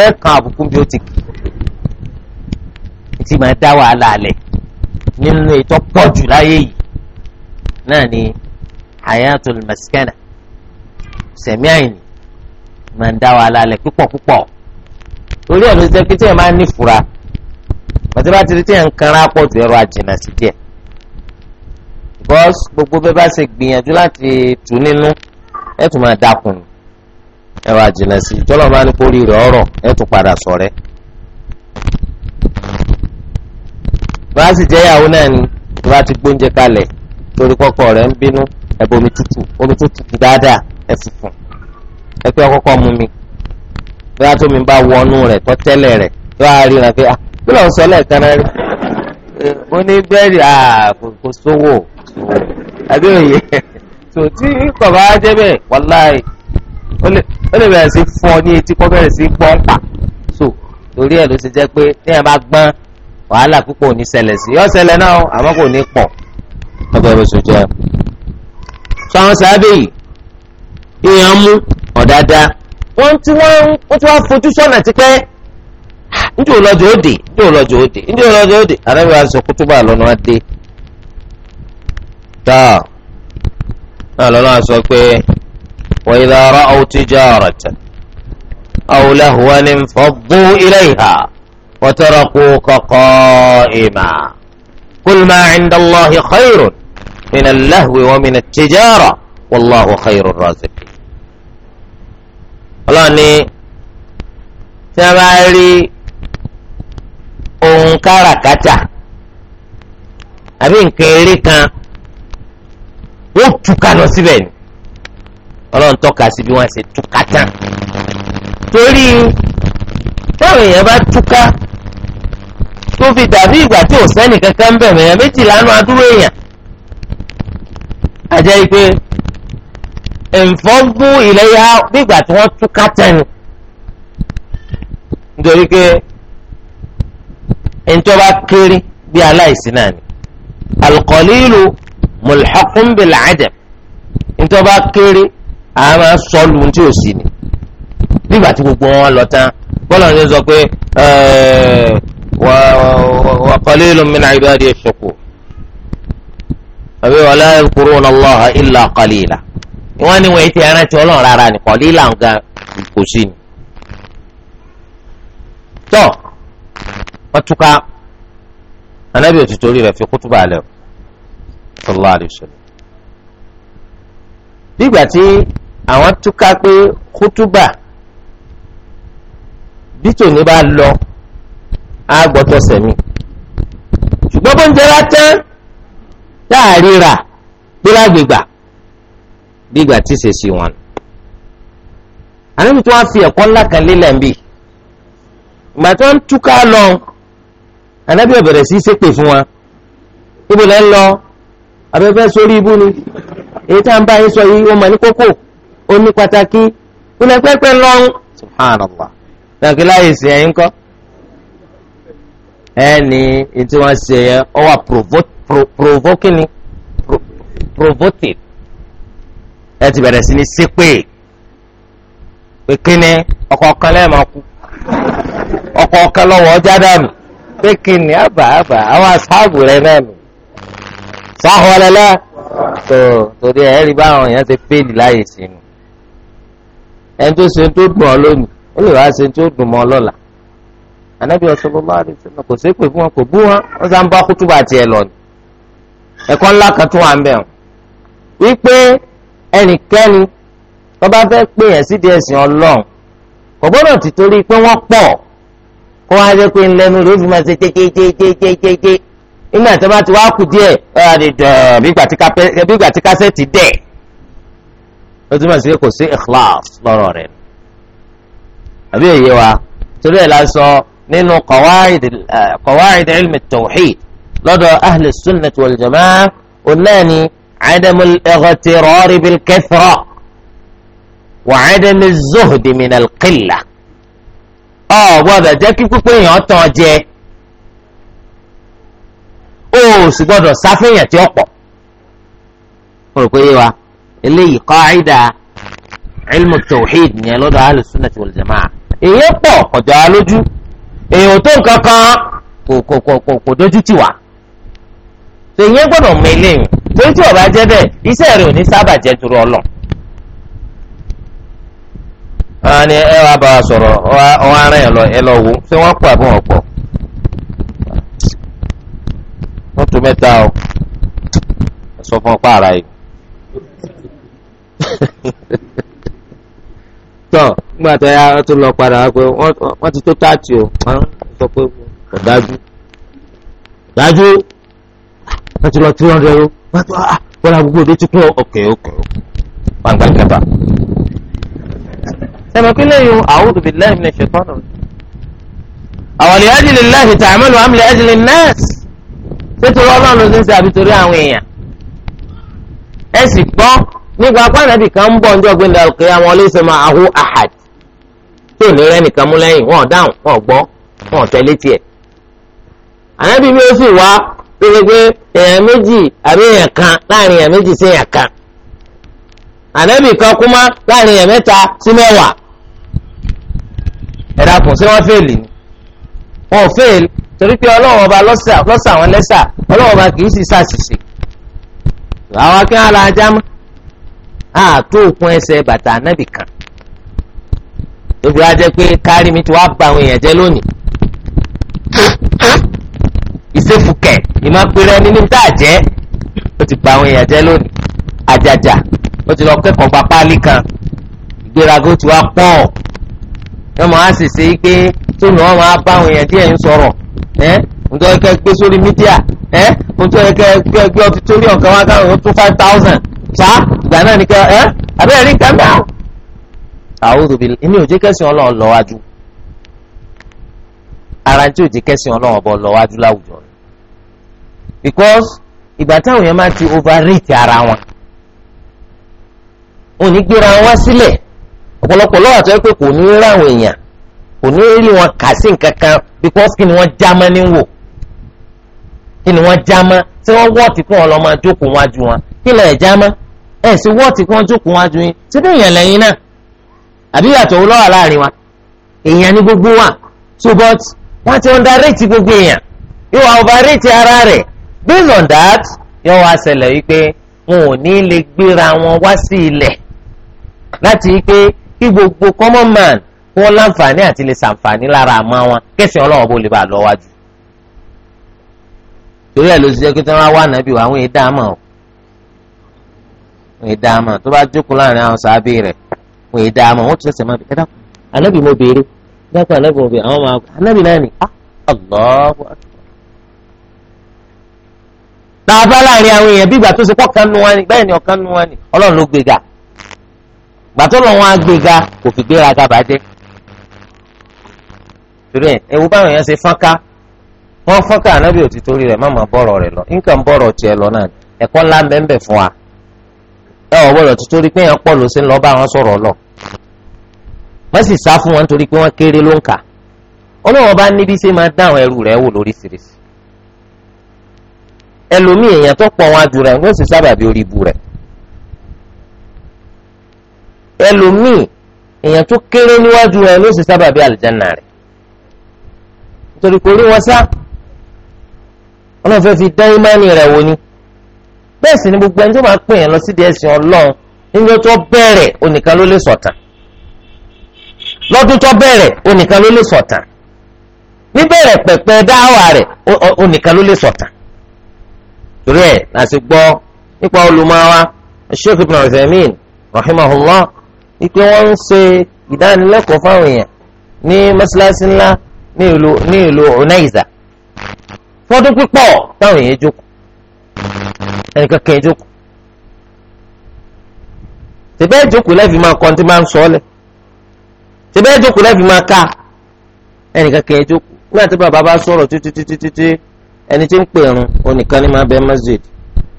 ẹ̀ kan àbùkù bí ó ti kì í ti máa dá wàhálà alẹ̀ nínú ètò pọ̀jù láyé yìí náà ni hayatul maskana sẹ̀mí àyìn máa ń dá wàhálà alẹ̀ púpọ̀ púpọ̀ torí ẹ̀ ló ṣe pé tí ẹ̀ máa ń nífura pàtẹ́ bá ti rí tí ẹ̀ ń kanra pọ̀ ju ẹ̀rọ àjìnà sí díẹ̀ bọ́s gbogbo bẹ́ẹ̀ bá ṣe gbìyànjú láti tù nínú ẹ̀ tún máa dákun ẹ̀ wá jìnnà sí i tọ́lọ́ máa ní kó rí rẹ̀ ọ̀rọ̀ ẹ̀ tún padà sọ̀rẹ́. bá a sì jẹ́ ìyàwó náà ni tó bá ti gbóúnjẹ kalẹ̀ torí kọ́kọ́ rẹ̀ ń bínú ẹ̀ bomi tútù omi tútù kù dáadáa ẹ̀ funfun ẹ̀ pé ọkọ́kọ́ mu mi bí a tó mi bá wọnú rẹ̀ tọ́tẹ́lẹ̀ rẹ̀ yóò á ríran pé ah kí lóun sọ lẹ́ẹ̀kan náà rí mo ní bẹ́ẹ̀rì kò sówó àbí òye tó tí bàbá jẹ́ bẹ́ẹ̀ wàláì ó lè bẹ̀rẹ̀ sí fún ọ ní etí kó bẹ̀rẹ̀ sí pọ́ńpà so torí ẹ̀ ló ṣe jẹ́ pé ní ẹ̀ bá gbọ́n wàhálà púpọ̀ ò ní ṣẹlẹ̀ sí yọ ṣẹlẹ̀ náà àmọ́ kò ní pọ̀ ọbẹ̀ rẹ̀ sọ̀jọ́ ẹ̀. sọ àwọn sábẹ́ yìí ìyàn mú ọ̀dáadáa wọ́n tí wọ́n fojú sọ́nà tipẹ́ njẹ́ òlọ́jọ́ òde njẹ́ òlọ́jọ́ òde njẹ́ òlọ́jọ́ òde àrẹ́wé aṣọ kútúbà lọ́nà adé tá a lọ́nà aṣọ pé wa idha ra'aw tijaratan aw lahwan infaddu ilayha wa tarakuka qa'ima qul ma 'inda Allahi khayrun min al-lahwi wa min tijara wallahu khayrur raziqin. ọlọ́ni tí a rí ohun kacha, àbí nǹkan eré kan wọ́n túká lọ síbẹ̀ ni ọlọ́run tọ́ka sí bí wọ́n ṣe túká torí táwọn èèyàn bá túká tó fi dàbí ìgbà tí ò sẹ́ni kankan ń bẹ̀rẹ̀ èèyàn méjì lánàá dúró èèyàn àjẹ́ pé ẹ̀ǹfọ́gbún ilẹ̀ yá bí tí wọ́n túká tán ni nítorí pé ẹni tó bá kéré bí aláìsí náà ni alqalilu mulhaqun bil adam ẹni tó bá kéré a máa sọlù tí ò sí ni nígbà tí gbogbo wọn lọ tán bọ́lá ní sọ pé wa qalilun min ibadiya ash-shakur àbí wala yadhkuruna Allaha illa qalila wọ́n ní wọ́n ti rántí ọlọ́run rárá ni qalila nǹkan kò sí ni. tọ́ wọ́n túká anábì òtítọ́ orí rẹ̀ fi kútúbà alẹ́ o sallallahu alayhi wa sallam. bígbà tí àwọn túká pé kútúbà bí tòní bá lọ á gbọ́tọ̀ sẹ̀mí ṣùgbọ́n bó ń jẹ́ látán láàríra bí lágbègbà bígbà tí ṣèṣì wọn. anábì tí wọ́n fi ẹ̀kọ́ ńlá kan lélẹ̀ ń bì ìgbà tí wọ́n túká lọ anabi ọbẹrẹ sí ṣépè fún wa ibo lẹ ń lọ abẹfẹ sórí ibú ni èyí tá à ń bá yín sọ yìí ó mọ ní kókó ó ní pàtàkì ilẹ̀ pẹ́pẹ́ lọ́rùn subhanallah nàkí láyé sí ẹ̀yìn kọ́ ẹni tí wọ́n ṣe yẹ ọ wà provokini provotive ẹ ti bẹ̀rẹ̀ sí ní ṣépè pé kíni ọkọ̀ ọ̀kan lẹ́ẹ̀mọ́ kú ọkọ̀ ọ̀kan lọ́wọ́ ọjà dànù pé kí ni àbà àbà àwọn asáàbù rẹ náà nù sáhọ́lẹ́lá tó torí ẹ̀ rí báwọn èèyàn ṣe fèèlì láàyè sí nu ẹni tó ṣe tó dùn ọ lónìí ó lè wá ṣe tó dùn mọ́ lọ́la ànábì sallallahu alaihi wasallam kò ṣépè fún wọn kò bú wọn wọn sá ń bá kútùbà tiẹ̀ lọ ni ẹ̀kọ́ ńlá kan tún wà ń bẹ̀ wípé ẹnikẹ́ni tó bá fẹ́ pè yẹn sídìí ẹ̀sìn ọlọ́run kò gbọ́dọ̀ kó wá jẹ́ pé ńlẹ́nu rẹ̀ ó fi máa ṣe tẹ́tẹ́tẹ́tẹ́tẹ́tẹ́ nígbà tí wọ́n bá ti wá kù díẹ̀ ọ̀rọ̀ àdìdàn bí ìgbà tí kásẹ̀tì dẹ̀ ó túmọ̀ sí pé kò sí ikhlas lọ́rọ̀ rẹ̀ àbí èyí wa torí ẹ̀ lasan sọ nínú qawaid ilmi tawhid lọ́dọ̀ ahli sunnah wal jamaa onáni adamul ightirari bil kathra wa adamul zuhdi minal qillah. ọ gbọ́dọ̀ jẹ́ kí pípé èèyàn tán jẹ o sì gbọ́dọ̀ sáfẹ́yàn tí ó pọ̀ mo rò pé yé wa eléyìí ilmu tawhid ni lọ́dọ̀ ahlu sunnati wal jamaa èyí pọ̀ ọ̀jọ̀ alójú èèyàn tó nǹkan kan kò kò kò kò kò dójú tì wá èyí mọ eléyìí tí bá ò wọn ni ẹ wàá bá wa sọ̀rọ̀ wọn ara yẹn lọ ẹ lọ wò ṣé wọn pọ̀ o sọ fún ọpá ara yìí [LAUGHS] nígbà lọ padà pé ti tó o sọ pé kò dájú o ah, òde ti kún sẹ́mi pé lẹ́yìn a'udhu billahi minash shaitani rajim. àwọn li ajli llahi ta'malu am li ajli nnas sétorí ọlọ́run ló ti ń ṣe àbí torí àwọn èèyàn. ẹ sì gbọ́ nígbà pàdánù kan ahu ahad tí ò ní rẹ́ nìkan mú lẹ́yìn wọn dáhùn wọn gbọ́ wọn tẹ̀lé tiẹ̀. ànábì mi kan laarin èèyàn méjì ẹ̀dá kùn sí wọ́n fèèlì ni wọn ò fèèlì torí pé ọlọ́wọ́n ọba lọ́sà wọn lẹ́sà ọlọ́wọ́n ọba kì í sì ṣàṣìṣe àwọn akínyàn alájà mọ́ àtó òkun ẹsẹ̀ bàtà anábì kan tóbi wá jẹ́ pé kárí mi ti wá ba àwọn èèyàn jẹ́ lónìí ìsefùkẹ̀ ìmọ̀pẹ̀rẹ̀ nínú tá a jẹ́ ó ti ba àwọn èèyàn jẹ́ lónìí àjàjà ó ti lọ kẹ́kọ̀ọ́ gba kan ìgbéraga ó ti wá pọ̀ yọmọ á sì ṣe pé tó ní wọn máa bá àwọn èèyàn díẹ̀ ń sọ̀rọ̀ ẹ́ ǹjọ́ kẹ́ gbé sórí mídíà ẹ́ ǹjọ́ kẹ́ gbé ọtí torí ọ̀kan wá káwọn five thousand ìgbà náà ni kẹ́ ẹ́ abẹ́rẹ́ rí àwọn kẹsàn án ara tí kẹsàn án ti ara wọn òní gbéra wọn sílẹ̀ ọ̀pọ̀lọpọ̀ lọ́wọ́ àtọ́ pé kò ní ráwọn èèyàn kò ní rí wọn kà sí nǹkan kan because kí ni wọ́n já mọ́ ní wò kí ni wọ́n já mọ́ tí wọ́n wọ́ọ̀tì kí wọ́n lọ́ máa jókòó wájú wọn kí lọ́ọ̀ já mọ́ ẹ̀ sì wọ́ọ̀tì kí wọ́n jókòó wájú yín síbẹ̀ èèyàn lẹ́yìn náà àbí yàtọ̀ owó lọ́wọ́ láàrin wa èèyàn ní gbogbo wa so but wọ́n ti underrate gbogbo èèyàn yóò wá overrate ara rẹ̀ based on that yóò wá ṣẹlẹ̀ wípé wọn ò ní lè gbéra wọn wá sí ilẹ̀ láti wípé kí gbogbo common man wọn láǹfààní àti lè ṣàǹfààní lára àmọ́ wọn kẹsàn-án ọlọ́wọ́ bó lè bá a lọ wájú. torí ẹ̀ ló ti jẹ́ pé tí wọ́n wá nàbí wa àwọn èdè àmọ́ ò èdè àmọ́ tó bá jókòó láàrin àwọn sàábì rẹ̀ wọ́n èdè àmọ́ wọ́n ti sẹ̀sẹ̀ máa bí ẹ dákun anábì mo béèrè dákun anábì mo béèrè àwọn máa anábì náà ni ah, Allahu Akbar. tàbá láàrin àwọn èèyàn bí ìgbà tó ṣe pọ̀ kan nu wa ni bẹ́ẹ̀ ni ọ̀kan nu wa ni Ọlọ́run ló gbéga gbàtọ́lọ̀ wọn agbèga kò fi gbéraga bàjẹ́ torí ẹ ewu báwọn yẹn ṣe fọ́nká Wọn fọ́nká ànábì òtí torí rẹ̀ máma bọ̀rọ̀ rẹ̀ lọ nǹkan bọ̀rọ̀ tiẹ̀ lọ náà ẹ̀kọ́ ńlá bẹ́ẹ̀ fún wa ẹ ò gbọ́dọ̀ ti torí pé yẹn pọ̀ ló ṣe ń lọ bá wọn sọ̀rọ̀ lọ wọ́n sì sá fún wọn torí pé wọ́n kéré ló ń kà ọlọ́wọ́n bá níbi ṣe máa dá àwọn ẹrù ẹlòmíì èèyàn tó kéré níwájú rẹ̀ ló sì sábà bí àlùjáná rẹ̀ nítorí kò rí wọn sá ọlọ́run fi dán ìmánì rẹ̀ wò ni bẹ́ẹ̀ sì ni gbogbo ẹni tó lọ sídìí ẹ̀sìn ọlọ́run ọlọ tó bẹ̀rẹ̀ onìkan ló lè sọ̀tàn lọ́dún tó bẹ̀rẹ̀ onìkan ló lè sọ̀tàn níbẹ̀rẹ̀ rẹ̀ onìkan ló lè sọ̀tàn torí ẹ̀ láti gbọ́ nípa olùmọ̀ wípé wọ́n ń ṣe ìdánilẹ́kọ̀ọ́ fáwọn èèyàn ní mọ́ṣáláṣí ńlá ní ìlú ní ìlú Unaiza fọdún pípọ̀ táwọn èèyàn jókòó ẹnì kankan èèyàn jókòó tẹ̀bẹ́ ìjókòó lẹ́bi máa kọ́ tí máa ń sọ ọ́ lẹ̀ tẹ̀bẹ́ ìjókòó lẹ́bi máa ká ẹnì kankan èèyàn jókòó nígbà tí bàbá bá sọ̀rọ̀ títítítítí ẹni tí ń pè ẹ̀rùn onìkan ní máa bẹ masjid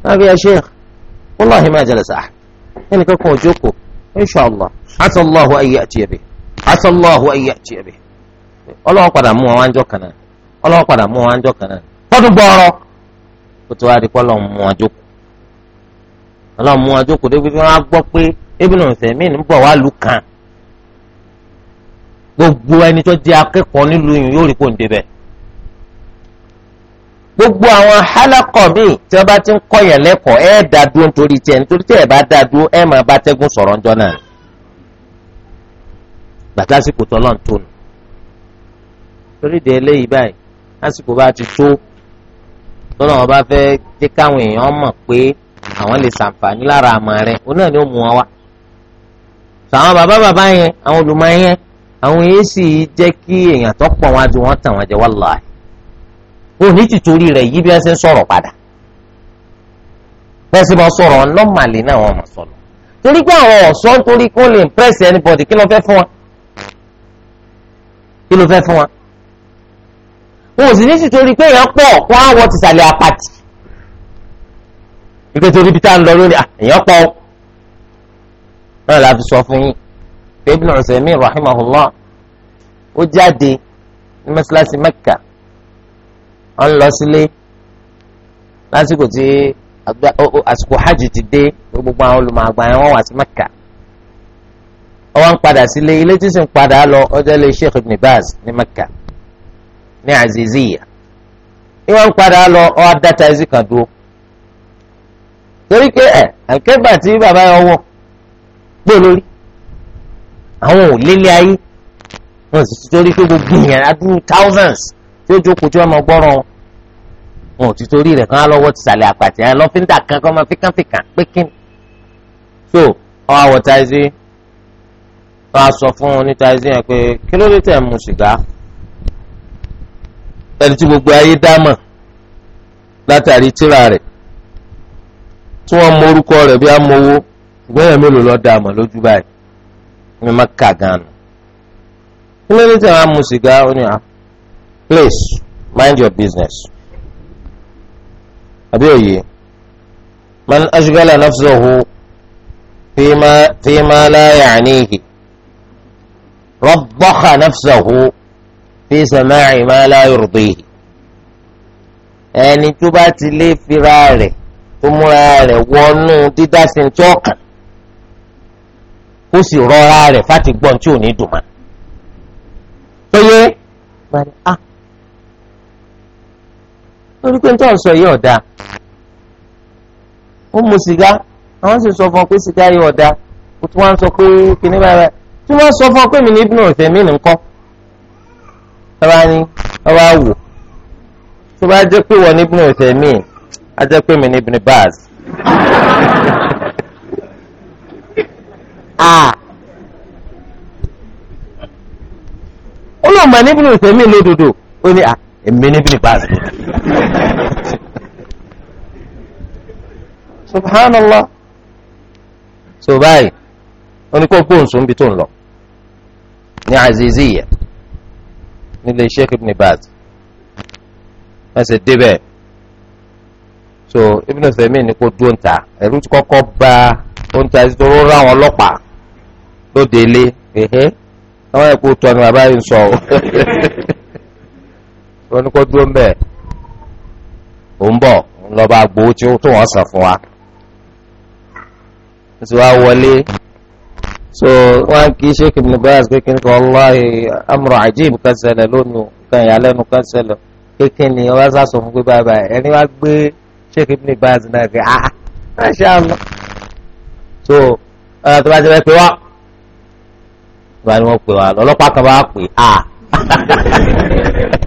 náà bí ẹ ṣe wallahi máa jẹlẹ̀ sáà ẹnì kankan ò jókòó in sha allah asallahu ayé àti ẹ̀bẹ̀ asallahu ayé àti ẹ̀bẹ̀ ọlọ́wọ́ padà mú àwọn àjọ kan náà ọlọ́wọ́ padà mú àwọn àjọ kan náà tọ́dún gbọ́ọ̀rọ̀ tó wá di kọ́ lọ́n mú wọn jókòó mú wọn jókòó débi gbogbo ẹni tó di akẹ́kọ̀ọ́ nílùú yìí yóò rí gbogbo àwọn hálàkọ̀ míì tí wọ́n bá ti ń kọ̀yàn lẹ́kọ̀ọ́ ẹ̀ dá dúró nítorí tiẹ̀ nítorí tiẹ̀ bá dá dúró ẹ̀ máa bá tẹ́gùn sọ̀rọ̀ ńjọ́ náà gbàtà àsìkò tọ́lọ́ ń tónu torí de eléyìí báyìí àsìkò bá ti tó tọ́lọ́ wọn bá fẹ́ jẹ́ káwọn èèyàn mọ̀ pé àwọn lè ṣàǹfààní lára àmọ́ rẹ̀ òun náà ni ó mú wọn wá sàwọn bàbá bàbá yẹn àwọn olùmọ̀ yẹn àwọn èèyàn sì jẹ́ kí òní ti torí rẹ̀ yí bí wọ́n ṣe ń sọ̀rọ̀ padà bẹ́ẹ̀ sì bá sọ̀rọ̀ nọ́màlì náà wọ́n mọ̀ sọ̀rọ̀ torí pé àwọn ọ̀ṣọ́ torí kó lè impress anybody kí ló fẹ́ fún wa kí ló fẹ́ fún wa wọn ò sì ní sì torí pé èèyàn pọ̀ wọn á wọ tìsàlẹ̀ apàtì ìpè torí bí tá à ń lọ lónìí èèyàn pọ̀ náà la fi sọ fún yín Ibn Usaymin rahimahullah ó jáde ní mọ́ṣáláṣí Mẹ́kà ọ ń lọ sílé lásìkò tí àsìkò hajj ti dé gbogbo àwọn olùmọ̀gbà yẹn wọ́n wà sí mẹ́kà ọwọ́ ń padà sílé ilé tí sì ń padà lọ ọjọ́ ilé Sheikh Ibn Baz ní mẹ́kà ní Aziziya ni wọ́n ń padà lọ ọ adáta ẹsì kan dúró torí pé ẹ àkẹ́bà tí bàbá yẹn wọ̀ gbé lórí àwọn ò lélẹ̀ ayé wọn sì ti torí pé gbogbo yẹn adúrú thousands tí ó jókòó tí wọ́n mọ gbọ́rọ̀ wọn wọn ò ti torí rẹ̀ kán á lọ́wọ́ ti sàlẹ̀ àpàtì ẹ̀ lọ́fíńdà kan kọ́ máa fíkànfíkàn pé kí ni. so ọ àwọ̀ táìsì wọ́n á sọ fún un ní táìsì yẹn pé kí ló dé tẹ̀ mu sìgá ẹni tí gbogbo ayé dámọ̀ látàrí tíra rẹ̀ tí wọ́n mọ orúkọ rẹ̀ bí amowó ṣùgbọ́n èèyàn mélòó lọ́ọ́ dámọ̀ lójú báyìí ní ma kà gan-an kí ló dé tẹ̀ wọ́n á sìgá ó ní à ah, Please mind your business. àbí òye man ashghala nafsahu fima fima la ya'nihi rabbakha nafsahu fi sama'i ma la yurdihi. ẹni tó bá ti lé fira rẹ̀ tó múra rẹ̀ wọnú dídásí tí ọkàn kó sì rọra rẹ̀ fati gbọ́n tí ò ní dùn mọ́. péye báyìí ah lórí pé nítorí sọ yìí ọ̀dà ó mu sìgá àwọn sì sọ fún ọ pé sìgá yìí ọ̀dà kò tí wọ́n sọ pé kíní báyìí tí wọ́n sọ fún ọ pé mi ní ibùdó ọ̀sẹ̀ mí nìkan tọ́ba ni ọba wò tó bá jẹ́ pé wọ́n ní ibùdó ọ̀sẹ̀ mí á jẹ́ pé mi ní ibùdó báàs. ó lọ́ọ̀ mọ̀ ní ibùdó ọ̀sẹ̀ mí lódodo ó ní à. Ah, èmi ní bí pass ni. subhanallah so báyìí oníkó gbóhùn sùn bí tó ń lọ ní aziziyya nílé sheikh ibn baz wọ́n sì débẹ̀ so ibn Uthaymeen ni kò dúró ń ta ẹ̀rú tí kọ́kọ́ bá ó ń ta ẹ̀sìn tó rọ́ àwọn ọlọ́pàá lóde ilé ẹ̀hẹ́ àwọn ẹ̀kú tọ́ ni bàbá yìí ń sọ ọ́ [LAUGHS] wọn ni kò dúró ń bẹ̀ ò ń bọ̀ lọ́ba àgbò tí ó tó wọ́n sàn fún wa ó sì wá wọlé so wọn kì í ṣe kìnnìún báyà kékeré kan ọláyé amúrò àjíìbù kan ṣẹlẹ̀ lónìí kan ìyàlẹ́nu kan ṣẹlẹ̀ kékeré ni wọn sá sọ fún pé báyà báyà ẹni wá gbé ṣé kìnnìún báyà náà kẹ ah ṣáṣá lọ so ọ̀rọ̀ tó bá ti rẹ pé wá ìgbà ni wọ́n pè wá lọ́lọ́pàá kan bá pè á. [LAUGHS]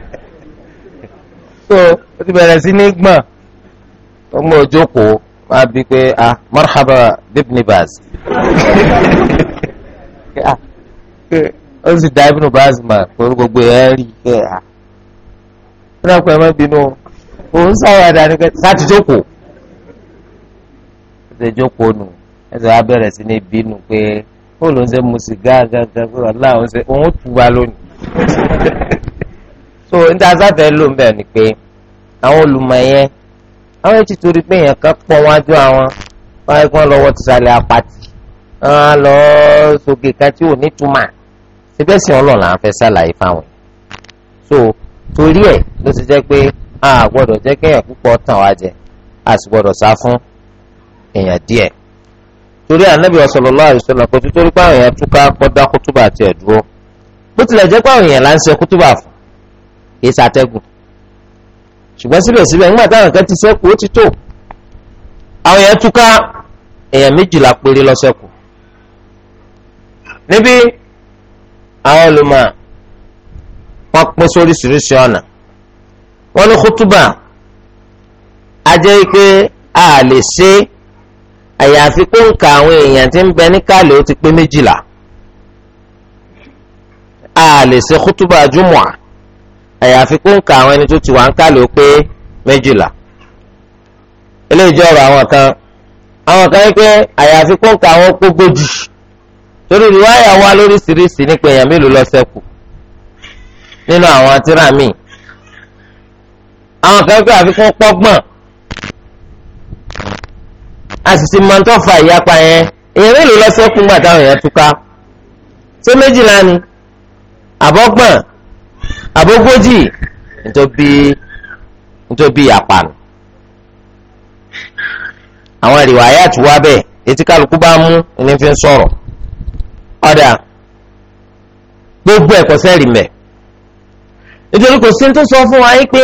so ó ti bẹ̀rẹ̀ sí ní gbọ̀n ọmọ òjòkó máa bí pé ah marhaba ibn baz [LAUGHS] ah, ó sì dá ibn baz mà pẹ̀lú gbogbo ẹ̀ rí kẹ́ ah ó náà pẹ̀lú ẹ̀mọ́bìnú òun sáwọn àdáni kẹ́ láti jókòó ó ti jókòó nù ẹsẹ̀ wa bẹ̀rẹ̀ sí ní bínú pé ó ló ń ṣe mu sìgá gángan pé wàhálà òun ṣe òun tù wá lónìí [LAUGHS] so níta sáfẹ́ ló ń ni pé àwọn olùmọ̀ yẹn àwọn ètò torí pé èèyàn kan pọ̀ wájú àwọn wọn á gbọ́n lọ́wọ́ ti sàlẹ̀ apàtì wọn á lọ sókè kan tí ò ní túmọ̀ síbẹ̀ sí ọlọ́run là ń fẹ́ sàlàyé fáwọn so torí ẹ̀ ló ti jẹ́ pé a gbọ́dọ̀ jẹ́ kéèyàn púpọ̀ tàn wá jẹ a sì gbọ́dọ̀ sá fún èèyàn díẹ̀ torí ànábì sallallahu alaihi wasallam kò tó torí pé àwọn èèyàn túká kọ́dá kútúbà tiẹ̀ dúró bó tilẹ̀ jẹ́ pé àwọn èèyàn là ń ṣe kútúbà fún kì í ṣàtẹ́gùn ṣùgbọ́n síbẹ̀síbẹ̀ nígbà táwọn kan ti sẹ́kù ó ti tó àwọn yẹn túká èèyàn méjìlá péré ló ṣẹ́kù níbi àwọn olùmọ̀ wọn pín sóríṣiríṣi ọ̀nà wọn ní kútúbà ajẹ́ pé a lè ṣe àyàfi pé nǹka àwọn èèyàn ti ń bẹ ní ó ti pé méjìlá a lè ṣe kútúbà júmọ̀ọ́ àyàfi kó ń ka àwọn ẹni tó ti wà ń kà ló pé méjìlá eléyìí jẹ́ ọ̀rọ̀ àwọn kan àwọn kan wípé àyàfi kó ń ka àwọn ogójì torí ìwáyà wa lóríṣiríṣi nípa èèyàn mélòó ló ṣẹ́kù nínú àwọn àtìrà míì àwọn kan wípé àfikún pọ́gbọ̀n àṣìṣe máa ìyapa yẹn èèyàn mélòó ló ṣẹ́kù gbà táwọn èèyàn ṣé méjìlá ni àbọ̀gbọ̀n àbógójì nítorí nítorí àpànù àwọn ìrìwáyà ti wá bẹ́ẹ̀ etí kálukú bá mú ní fi ń sọ̀rọ̀ ọ̀dà gbogbo ẹ̀kọ́ sẹ́rì mẹ́ nítorí kò sí ní tó sọ fún wa yín pé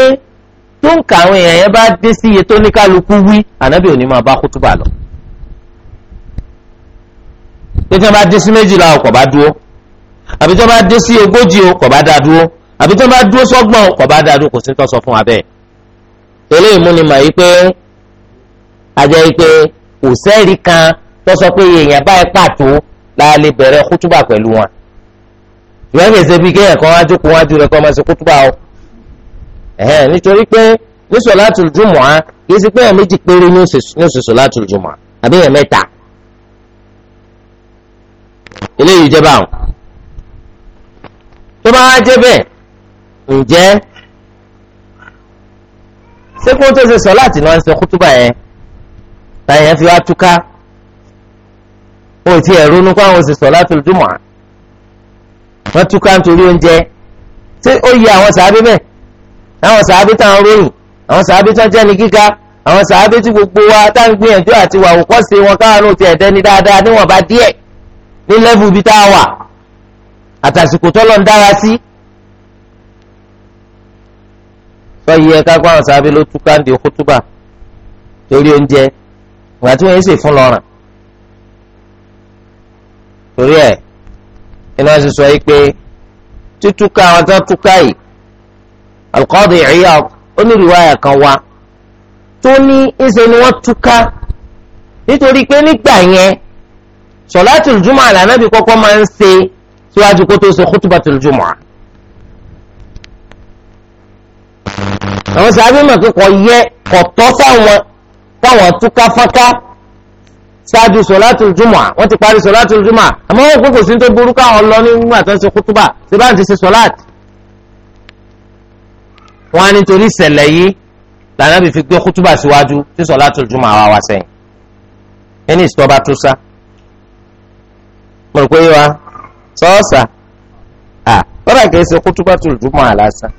tó ń ka àwọn èèyàn yẹn bá dé sí iye tó ní kálukú wí ànábì òní máa bá kútúbà lọ pé tí wọ́n bá dé sí méjìlá o bá dúró àbí tí wọ́n bá dé sí ogójì o bá dá dúró àbí tí wọ́n bá dúró sọ́gbọ̀n kò bá dáa dúró kò sí tó sọ fún wa bẹ́ẹ̀ tẹ́lẹ̀ ìmúnimọ̀ yìí pé ajẹ́ yìí pé kò sẹ́ẹ̀rí kan tó sọ pé èèyàn báyìí pàtó la lè bẹ̀rẹ̀ kútúbà pẹ̀lú wọn ìwọ́n kì í ṣe bí kéèyàn kan wá jókòó wájú rẹ̀ kọ́ máa ṣe kútúbà o nítorí pé ní sọ̀látùl jumu'a kì í ṣe pé èèyàn méjì péré ní oṣù sọ̀látùl jumu'a àbí èèyàn mẹ́ta eléyìí jẹ́ báwọn tó bá wá jẹ́ bẹ́ẹ̀ ǹjẹ́ ṣé kó tó ṣe sọ láti náà ń ṣe kútúbà yẹn tàyẹn fi wá túká wọn ò tiẹ̀ ronú kó àwọn ṣe sọ láti lùdùmọ̀ à wọ́n túká nítorí oúnjẹ ṣé ó yẹ àwọn sàábí bẹ́ẹ̀ àwọn sàábí táwọn ròyìn àwọn sàábí tó ń jẹ́ ní gíga àwọn sàábí tí gbogbo wa tá ń gbìyànjú àti wà òkọ́ sí wọn káwọn ò tiẹ̀ dẹ́ni dáadáa níwọ̀nba díẹ̀ ní lẹ́bù ibi tá a wà àtàsìkò tọ́lọ́ ń dára sí. Si tọ́yẹ kápá àwọn sábẹ́ ló túká ń di kútúbà torí oúnjẹ ìgbà tí wọ́n yẹ sè fún lọ́rùn torí ẹ̀ iná sì sọ yìí pé títúká àwọn tó túká yìí alqadi Iyad onírìwáyà kan wá tó ní ìṣe ni wọ́n túká nítorí pé nígbà yẹn sọ̀látùl jùmọ̀ àlànà bí kọ́kọ́ máa ń ṣe síwájú kó tó ṣe kútúbàtùl jùmọ̀ àlànà àwọn sábẹ́ mọ̀ pé kò yẹ kò tọ́ sáwọn táwọn túká fọ́nká ṣáájú sọ̀látù jùmọ̀ wọ́n ti parí sọ̀látù jùmọ̀ àmọ́ wọn kókò sí tó burú káwọn lọ nígbà tó ń ṣe kútúbà ṣé bá ń ti ṣe sọ̀látù. wọ́n á nítorí ìṣẹ̀lẹ̀ yìí lànà bí fi gbé kútúbà síwájú tí sọ̀látù jùmọ̀ àwa wá sẹ́yìn ẹni ìsọba tó sá mo rò pé wa sọ́ọ̀sà à lọ́dà kìí ṣe kútúbà tó jùmọ̀ àlásán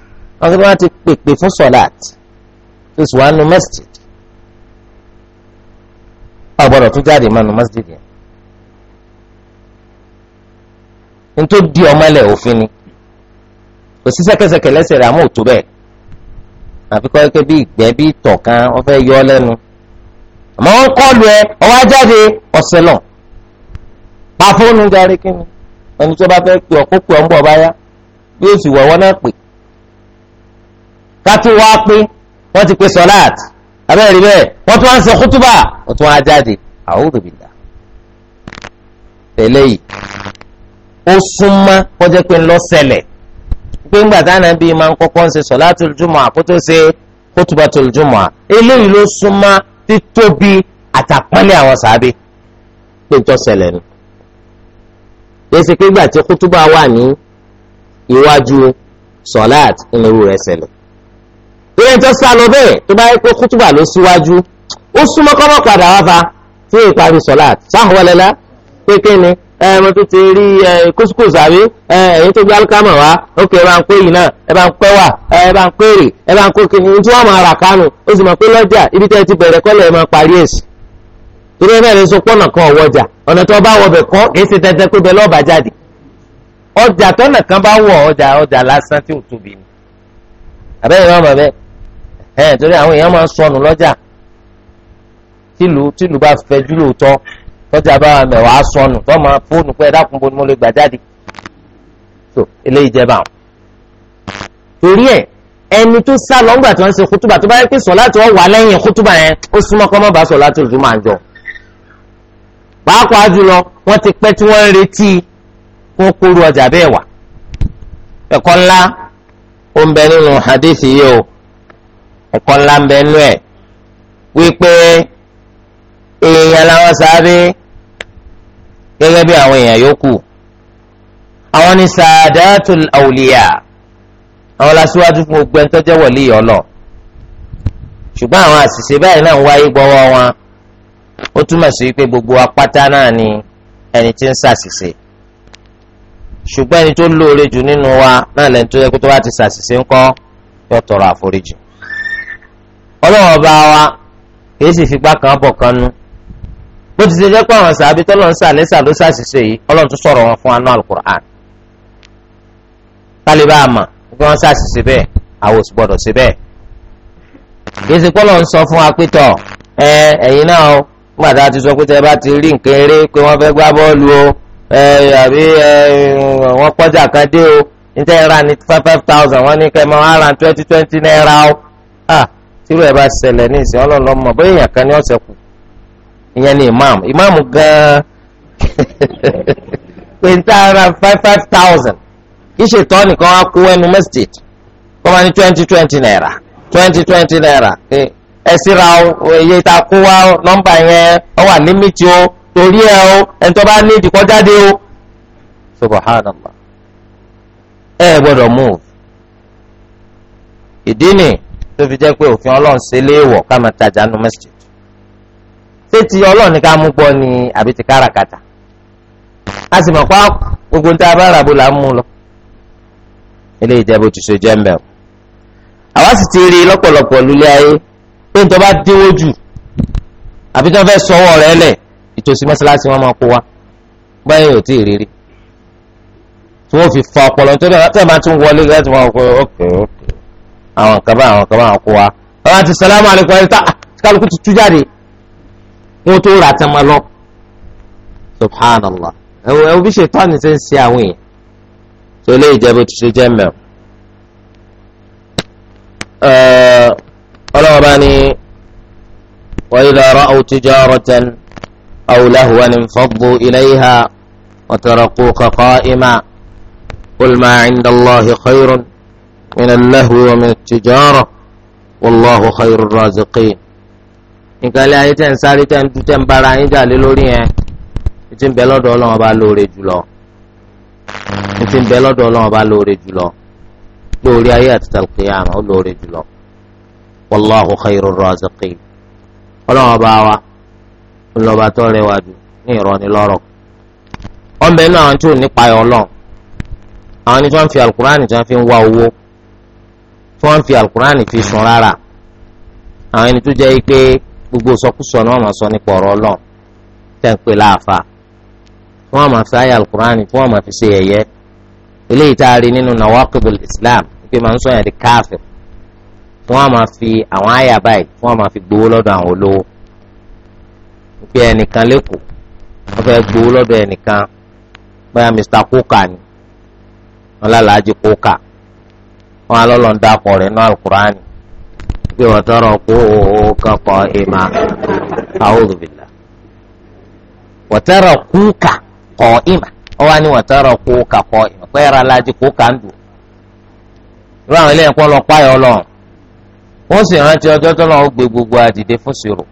wọn kí wọn ti pèpè fún sọlát tó sì wà nù masjid wọn gbọ́dọ̀ tún jáde má nù masjid yẹn nítorí di ọmọlẹ òfin ni kò sí sẹ̀kẹ̀sẹ̀kẹ̀ lẹ́sẹ̀ rẹ̀ àmọ́ òtó bẹ́ẹ̀ àfikọ́ ẹgbẹ́ bí ìgbẹ́ bí ìtọ̀ kan wọ́n fẹ́ yọ ọ lẹ́nu àmọ́ wọ́n kọlu ẹ ọwọ́ ajáde ọ̀sẹ̀ náà pa fóònù garí kí ni ẹni tó bá fẹ́ pè ọ́ kó pè ọ́ ń bọ̀ báyá bí ó sì wọ̀ wọ́n náà pè kátó wá pé wọ́n ti pe sọ́láàt abẹ́rẹ́ bẹ́ẹ̀ wọ́n tún wá ń ṣe kútúbà wọ́n tún wá jáde a'udhu billah tẹ̀lé yìí ó súnmọ́ kọjá pé ń lọ sẹlẹ̀ pé ńgbà táwọn ẹbí máa ń kọ́kọ́ ń ṣe sọ́láàtul jumu'a àkótó ṣe kútúbàtul jumu'a eléyìí ló súnmọ́ títóbi àtàpọ́nlé àwọn sàábé pé ń tọ́ sẹlẹ̀ nù yẹ́sẹ̀ pé ìgbà tí kútúbà wà ní iwájú sọ́láàt ìnirú rẹ̀ sẹlẹ̀ torí ẹni tó sá lọ bẹ́ẹ̀ tó bá yẹ pé kútùbà ló síwájú ó súnmọ́ kọ́mọ́ padà wá fa tí ìparí sọ̀lá ni ẹ mo ti rí ẹ kúskùs ẹ èyí tó gbé alikama wá ókè ẹ bá ń pé yìí náà ẹ bá ń pẹ́ wà ibi tẹ́ ti bẹ̀rẹ̀ kọ́lẹ̀ ẹ máa parí èsì torí ẹ so pọ́nà kan ọ̀wọ́jà ọ̀nà tó bá kọ́ ọjà tọ́nà kan bá ọjà ọjà lásán tí ò ẹ̀ torí àwọn èèyàn máa ń sọnù lọ́jà tìlú tìlú bá fẹjú lóòótọ́ lọ́jà bá wà mẹ́wàá sọnù tó máa fóònù pé ẹ̀dá kúnbo ni mo lè gbà jáde tó eléyìí jẹ́ báwọn. torí ẹ̀ ẹni tó sá lọ ńgbà tí wọ́n ń ṣe kútùbà tó bá yẹ kí sọ̀láàtì wọ́n wà lẹ́yìn kútùbà yẹn ó súnmọ́ kọ́ mọ́ bá sọ̀láàtì òjò máa jọ. pàápàá jùlọ wọ́n ti pẹ́ tí wọ́n retí kó kóró ọjà bẹ́ẹ̀ wà. ẹ̀kọ́ ńlá ó ń bẹ nínú hadith yìí o ẹ̀kọ́ ńlá ń bẹ nú ẹ̀ wípé èèyàn làwọn sàábé gẹ́gẹ́ bí àwọn èèyàn yòókù àwọn ni sàdáàtul àwùlíyà àwọn lásìwájú fún gbogbo ẹni tó jẹ́ wọ̀lí ọlọ ṣùgbọ́n àwọn àṣìṣe báyìí náà ń wáyé gbọ́wọ́ wọn ó túmọ̀ sí pé gbogbo apáta náà ni ẹni tí ń ṣàṣìṣe ṣùgbọ́n ẹni tó lóore jù nínú wa náà lẹ́ni tó yẹ kó tó bá ti ṣàṣìṣe ńkọ́ yóò tọrọ àforíjì ọlọ́wọ́ bá wa kìí sì fipá kan bọ̀ kan nu bó ti ṣe jẹ́ pé àwọn sàbí tọ́lọ̀ ń sà lẹ́sà ló ṣàṣìṣe yìí ọlọ́run tún sọ̀rọ̀ wọn fún anú alukur'an kálíbà àmà kí wọ́n ṣàṣìṣe bẹ́ẹ̀ àwọn ò sì gbọ́dọ̀ ṣe bẹ́ẹ̀ kìí sì pọ́lọ̀ ń sọ fún wa pé tọ̀ ẹ ẹ̀yin náà ó gbàdá ti sọ pé tẹ́ bá ti rí nǹkan eré pé wọ́n fẹ́ gbá bọ́ọ̀lù o àbí wọ́n pọ́jà kan dé o ní tẹ́ ẹ ra ní five five thousand wọ́n ní kẹ́ máa ra twenty twenty náírà o ah, tírú ẹ bá ṣẹlẹ̀ ní ìsìn ọlọlọ mọ̀ bóyá èèyàn kan ní ọ̀sẹ̀ kù ìyẹn ni imam imam gan-an [LAUGHS] pé n ta ara five five thousand kì í ṣe tọ́ nìkan wá kó ẹnu mẹ́sítẹ̀tì kọ́ máa ní twenty twenty naira twenty twenty naira ẹ síra iye ta kó wá nọ́mbà yẹn ọ wà ní mítí o torí ẹ o ẹni tó bá ní o ẹ move ìdí tó fi jẹ́ pé òfin ọlọ́run ṣe léèwọ̀ ká máa tajà nu masjid ṣé ti ọlọ́run ní ká mú gbọ́ ni àbí ti káràkátà a sì mọ̀ pé gbogbo níta bá ràbó là ń mú lọ ilé ìjẹ́bù ti ṣe jẹ́ mbẹ́ o àwa sì ti rí i lọ́pọ̀lọpọ̀ lulẹ̀ ayé pé nítorí bá dínwó jù àbí tí wọ́n fẹ́ sọ́wọ́ rẹ̀ lẹ̀ ìtòsí mọ́ṣáláṣí wọn máa kó wa báyìí ò tí ì rírí tí wọ́n fi fa ọpọlọ nítorí tẹ́ẹ̀ máa tún wọlé gẹ́gẹ́ tí wọ́n kọ́ àwọn kan bá àwọn kan bá kó wa wọn àti salamu alaykum ẹni tá kálukú ti tú jáde wọn tó rà tán máa lọ subhanallah ẹwọ ẹwọ bí ṣètọ́ni ṣe ń ṣe àwọn èèyàn tó lè jẹ bó ti ṣe jẹ mẹ. ọlọ́wọ́ bá ní wa idha ra'aw tijaratan aw lahwan infaddu ilayha wa tarakuka qa'iman qul ma 'inda Allahi khayrun. من اللهو ومن التجارة والله خير الرازقين nǹkan ilé ayé tẹ̀ ń sáré tẹ̀ ń du tẹ̀ ń bára yín jà lé lórí yẹn ètí ń bẹ lọ́dọ̀ ọlọ́run ọba lóore jùlọ ètí ń bẹ lọ́dọ̀ ọlọ́run ọba lóore jùlọ lórí ayé àti tàlùkìyàmà ó lóore jùlọ wàláhu khayru raziqi ọlọ́run ọba wa ńlọba tó rẹwà jù ní ìrọ̀nilọ́rọ̀ ọ̀nbẹ náà àwọn tí ò ní payọ̀ ọlọ́run àwọn ní tí wọ́n fi alukur'an tí wọ́n fi ń wá owó tí wọ́n ń fi alukur'an fi sun rárá àwọn ẹni tó jẹ́ pé gbogbo sọkúsọ ni wọ́n máa sọ nípa ọ̀rọ̀ ọlọ́run tẹ̀ ń pè láàfa tí wọ́n máa fi ayé alukur'an tí wọ́n máa fi ṣe yẹ̀yẹ́ eléyìí tá a rí nínú nawaqidul islam pé máa ń sọ yẹn di káfir tí wọ́n máa fi àwọn àyà báyìí tí wọ́n máa fi gbowó lọ́dọ̀ àwọn olówó pé ẹnìkan lẹ́kọ̀ọ́ wọ́n fẹ́ gbowó lọ́dọ̀ ẹnìkan báyà Mr. Kókà ni wọ́n lálàájì Kókà. wọn alọ́lọ́ ń dakọ̀ rẹ̀ náà alukur'an bí wọ́n tọrọ kó o kankọ ìmà a'udhu billah wọ́n tọrọ kúkà kọ̀ ìmà wọ́n wá ní tọrọ kúkà kọ̀ ìmà pẹ́ẹ́rẹ́ lọ sì rántí gbogbo àdìdé fún irú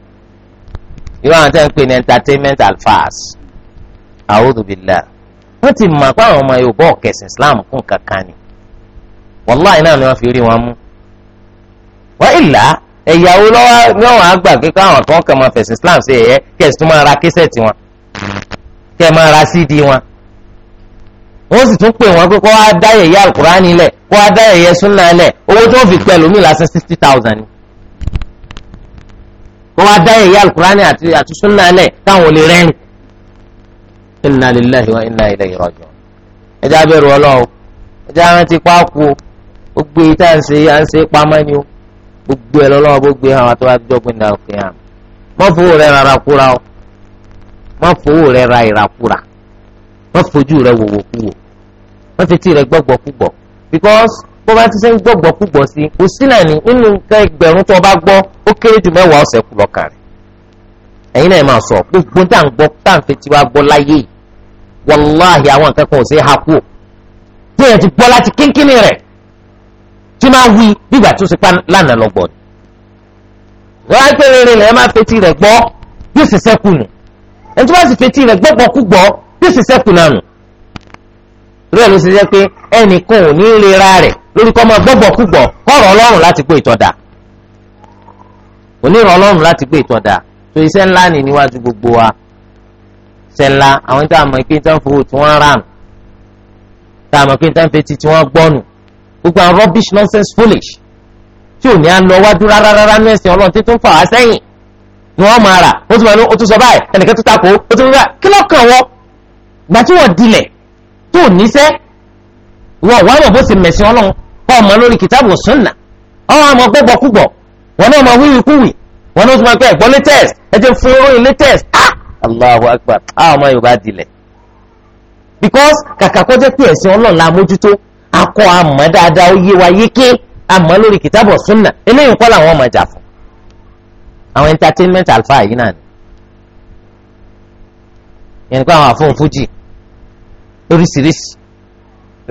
àwọn tẹ́ ń pè ní entertainment ti Islam kún kankan ni wàláì náà ni wọ́n fi rí wọn mú. wọ́n ìlà ẹ̀yàwó lọ́wọ́ ní ọ̀hún àgbà kíkọ́ àwọn tó ń kẹ́ máa fẹ̀sìn Islam ṣe ẹ̀yẹ kí ẹ̀sìn tó máa ra kíṣẹ̀tì wọn kí ẹ̀ máa ra CD wọn. wọ́n sì tún pè wọ́n pé kó wá dá yẹ̀yẹ́ alukurani lẹ̀ kó wá dá yẹ̀yẹ́ súnà lẹ̀ owó tó ń fi pẹ̀lú mi lásán sixty thousand kó wá dá yẹ̀yẹ́ alukurani àti àti súnà lẹ̀ táwọn ò lè rẹ́rìn. inna lillahi wa inna ilayhi raji'un. ẹ gbogbo yìí tá à ń ṣe à ń ṣe pamọ́ ni o gbogbo ẹ̀ lọ́lọ́wọ́ gbogbo yìí àwọn tó bá jọ́gbìn náà fi hàn má fowó rẹ ra rakúra o má fowó rẹ ra ìrakúra má fojú rẹ wòwò kúwò má fetí rẹ gbọ́gbọ́ kúgbọ́ because bó bá ti ṣe ń gbọ́gbọ́ kúgbọ́ sí kò sílẹ̀ ní nínú nǹkan ẹgbẹ̀rún tó bá gbọ́ ó kéré jù mẹ́wàá ọ̀sẹ̀ kú lọ́kàn rẹ̀ ẹ̀yin náà máa sọ gbogbo tá à ń gbọ́ tá à ń fetí wa gbọ́ láyé yìí wàláhì àwọn nǹkan kan ò sí ha kú o tí èèyàn ti gbọ́ láti kínkínní rẹ̀ tí máa wí bígbà tó ṣe pa lánàá lọ́gbọ̀n. wọ́n á pé rere lẹ́yìn máa fetí rẹ̀ gbọ́ yóò sì sẹ́kù nù ẹni tí wọ́n sì fetí rẹ̀ gbọ́ gbọ́kú gbọ́ yóò sì sẹ́kù nànù. rẹ̀ ló ṣe jẹ́ pé ẹnìkan ò ní lera rẹ̀ lórí kọ́ máa gbọ́gbọ́kú gbọ́ kọ́rọ̀ ọlọ́run láti gbé ìtọ́da kò ní ràn ọlọ́run láti gbé ìtọ́da tó iṣẹ́ ńlá ni níwájú a mọ̀ pé tí wọ́n fowó a mọ̀ pé tí wọ́n fetí gbogbo àwọn rubbish nonsense foolish tí ò ní à ń lọ wájú rárá rárá ní ẹ̀sìn ọlọ́run títún fà á sẹ́yìn ni wọ́n máa rà ó tún máa ní o tún sọ báyìí ẹnìkan tún takò ó tún bá kí lọ́kàn wọ́n gbà tí wọ́n dilẹ̀ tó níṣẹ́ wọ́n wá mọ̀ bó ṣe mẹ̀sìn ọlọ́run kọ́ ọmọ lórí kìtàbù sunna ọ̀hún àmọ́ gbọ́gbọ́ kúgbọ̀ wọn náà máa wíwì kúwì wọn náà tún máa pẹ́ ẹ̀gbọ́ latest ẹ ah Allahu akbar because kàkà kọjá pé ẹ̀sìn ọlọ́run la akọ àmọ́ dáadáa ó yé wa yéké àmọ́ lórí kìtàbọ̀ súnà eléyìí kọ́ làwọn ọmọ ìjà fún àwọn entertainment alfa yìí náà ni yẹn nípa àwọn àfọ̀n fújì oríṣiríṣi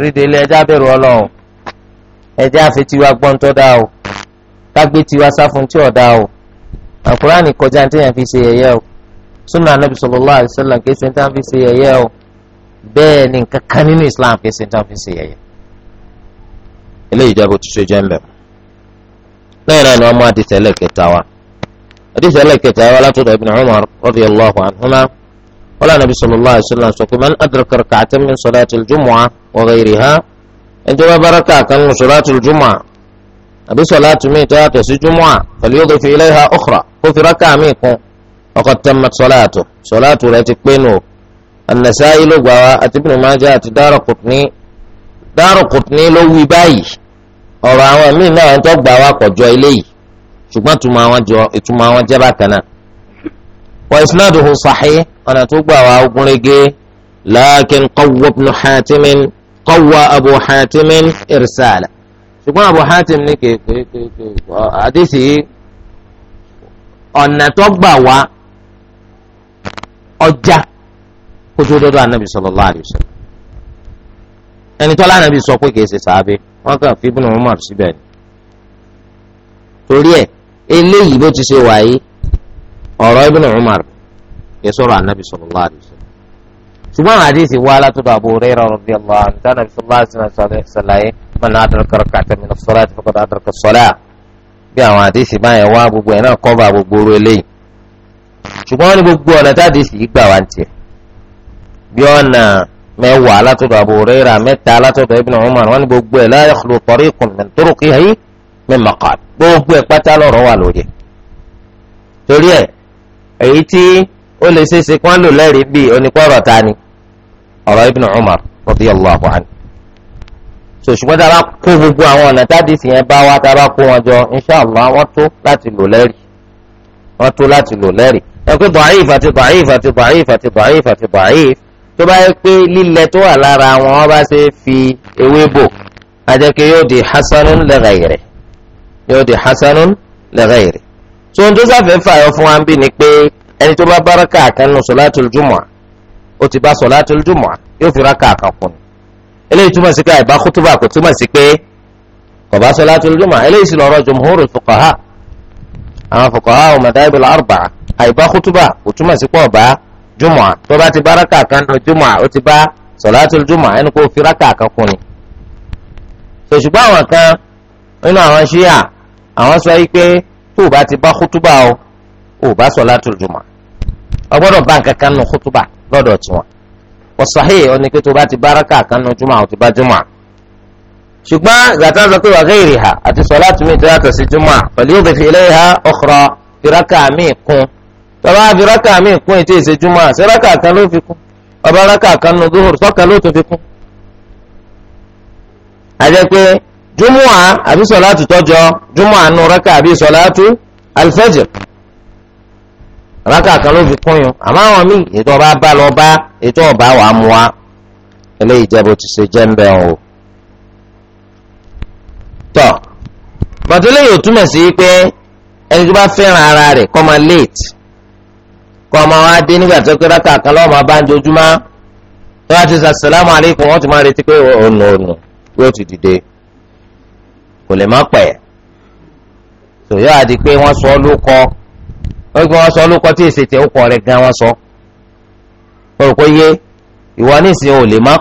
ríde ilé ẹja bẹ̀rù ọlọ́run ẹja àfetiwa gbọ́n tó dá o kágbé tiwa sáfún tí ò dá o àkùránì kọjá ní téèyàn fi ṣe yẹ̀yẹ́ o súnà anábì sallallahu alaihi wasallam kí ṣe ń tán fi ṣe yẹ̀yẹ́ o bẹ́ẹ̀ ni nǹkan kan nínú Islam kí ṣe ń tán fi ṣe yẹ̀yẹ́ eléyìí jẹ́ bó ti ṣe jẹ́ mbẹ́. lẹ́yìn náà ni wọ́n mú àdìsẹ́ ẹlẹ́kẹta wa àdìsẹ́ ẹlẹ́kẹta wa látọ̀dọ̀ ibn Umar radiyallahu anhuma wọ́n lànà bisalòlá sallallahu alaihi wasallam sọ pé mi adraka àti min salatil jumu'ah wa ha. ẹjọ́ bá bára ká kan kàkan nù salatil jumu'ah àbí salatu mi tó yàtọ̀ sí jumu'ah falyudif ha ukhra kó fi rákà mi kún ọkọ̀ tẹ́mẹ̀ salatu salatu rẹ̀ ti pé nù an-Nasa'i ló gbà wá àti Ibn Majah àti Daraqutni Daraqutni ló wí báyìí ọ̀rọ̀ àwọn míì náà ń tọ́gbà wá kọjọ eléyìí ṣùgbọ́n ìtumọ̀ àwọn jẹ́ bákan náà. wa isnaduhu sahih ọ̀nà tó gbà wá ogun rege lakin qawwa ibn Hatim qawwa Abu Hatim irsala ṣùgbọ́n Abu Hatim ní kéèké àdìsí ọ̀nà tó gbà wá ọjà kótó dọ́dọ̀ anabi sallallahu alaihi ẹni tọ́lá nàbì sọ pé kìí ṣe sàábé wọ́n kàn fi Ibn Umar síbẹ̀ ni. torí ẹ̀ eléyìí bó ti ṣe wáyé ọ̀rọ̀ Ibn Umar kìí sọ̀rọ̀ ànábì sallallahu alaihi wasallam. ṣùgbọ́n àwọn àdìsí wá látọ̀dọ̀ Abu Hurairah radiyallahu anhu tánàbì sallallahu alaihi wasallam ṣàlàyé man adraka rak'atan min as-salati faqad adraka as-salah bí àwọn àdìsí báyẹn wá gbogbo ẹ̀ náà kọ́ba gbogbo oró mẹ́wàá látọ̀dọ̀ Abu Hurairah mẹ́ta látọ̀dọ̀ Ibn Umar wọn ni gbogbo ẹ̀ la yakhlu tariqun min turuqihi min maqal gbogbo ẹ̀ pátá lọ́rọ̀ wà lóye. torí ẹ̀ èyí tí ó lè ṣe é ṣe kí wọ́n lò lẹ́rìí bíi oníkọ́rọ̀ ta ni ọ̀rọ̀ Ibn Umar radiyallahu anhu. sọ ṣùgbọ́n tá a bá kó gbogbo àwọn ọ̀nà tádìsì yẹn bá wá tá a bá kó wọn tó bá yẹ pé lílẹ̀ tó wà lára wọn wọ́n bá ṣe fi ewé bò àjẹkẹ́ yóò di hasanun lẹ́gàyẹ̀rẹ̀ yóò di hasanun lẹ́gàyẹ̀rẹ̀ tó ń tó sáfẹ́ fààyọ fún wa ń bí ni pé ẹni tó bá báraka àkànnù sọláàtúl jùmọ̀à ó ti bá sọláàtúl jùmọ̀à yóò fi ráka àkànkùn eléyìí túmọ̀ sí pé àìbá kútúbà kò túmọ̀ sí pé kò bá sọláàtúl jùmọ̀à eléyìí sì lọ́rọ̀ jumhuru fuqaha àwọn fuqaha ò madhahibul arba'a àìbá kútúbà kò túmọ̀ sí pé ọ̀bá jùmọ̀ tó bá ti bá rákà kan nù jùmọ̀ ó ti bá sọ̀láàtì jùmọ̀ ẹni kó fi rákà kan kún ni. sòṣùgbọ́n àwọn kan nínú àwọn ṣíà àwọn sọ wípé tó o bá ti bá kútúbà o ò bá sọ̀láàtì jùmọ̀ o gbọ́dọ̀ bá nǹkan kan nù kútúbà lọ́dọ̀ tiwọn. ọ̀sàhì ó ní pé tó o bá ti bá rákà kan nù jùmọ̀ ó ti bá jùmọ̀. ṣùgbọ́n zàtà sọ pé wàhẹ́ ìrìhà àti sọ̀láàtì mi tó yàtọ̀ sí pẹ̀lú tọ́ba àfi rákà míì kún ètò ìṣèjúmọ́ àṣẹ kan ló fi kún ọba kan ló fi kún. àjẹ pé júmùà àbí sọ̀láàtù tọ́jọ́ júmùà nù rákà àbí kan ló fi kún àmọ́ àwọn míì ọba bá lọ bá ètò ọba wà á mú wa eléyìí jẹ́ bó ti ṣe jẹ́ ń bẹ̀ o. tọ́ yóò sí pé ara rẹ̀ kọ́ máa kọ́ ọmọ wa dé nígbà tó pé rákà lọ́wọ́ máa bá ń jojúmọ́ tó bá ti sà sàlámù alaykum wọ́n ti máa retí pé ònù ònù yóò ti dìde kò lè má pẹ́ tòyọ́ àti pé wọ́n sọ lóko ó gbé wọ́n sọ lóko tí èsì tẹ̀ rẹ̀ gan wọ́n sọ pé yé ìwọ nísìnyí ò lè má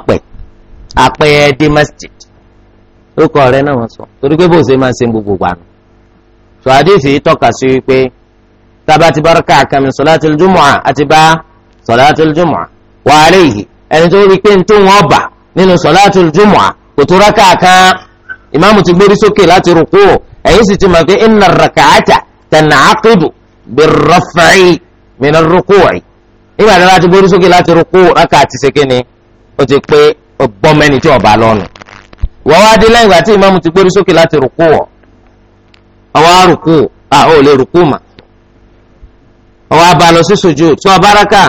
dé masjid rẹ̀ náà wọ́n sọ torí pé bó ṣe máa gbogbo àdéhìí tába ti bára káàkan mi sọláàtì jùmọ̀à àti bá sọláàtì jùmọ̀à wà á lè yìí ẹni tó rí pé ní tó wọn bà nínú sọláàtì jùmọ̀à kò tó ra káàkan ìmáàmù ti gbérí sókè láti rúkú ẹ̀yìn sì ti mọ̀ pé iná rakaata tanaqidu birraf'i min arruku'i nígbà tí wọ́n ti sókè láti rúkú rákàtì ṣe kíni ó ti pé bọ́mẹ́ni tí ọba lọ́nu wọ́n wá dé tí ìmáàmù ti gbérí sókè láti rúkú ọ̀ ọwọ́ rúkú à ó lè rúkú mà ọwọ́ abalọ sí sujud tí ọba raka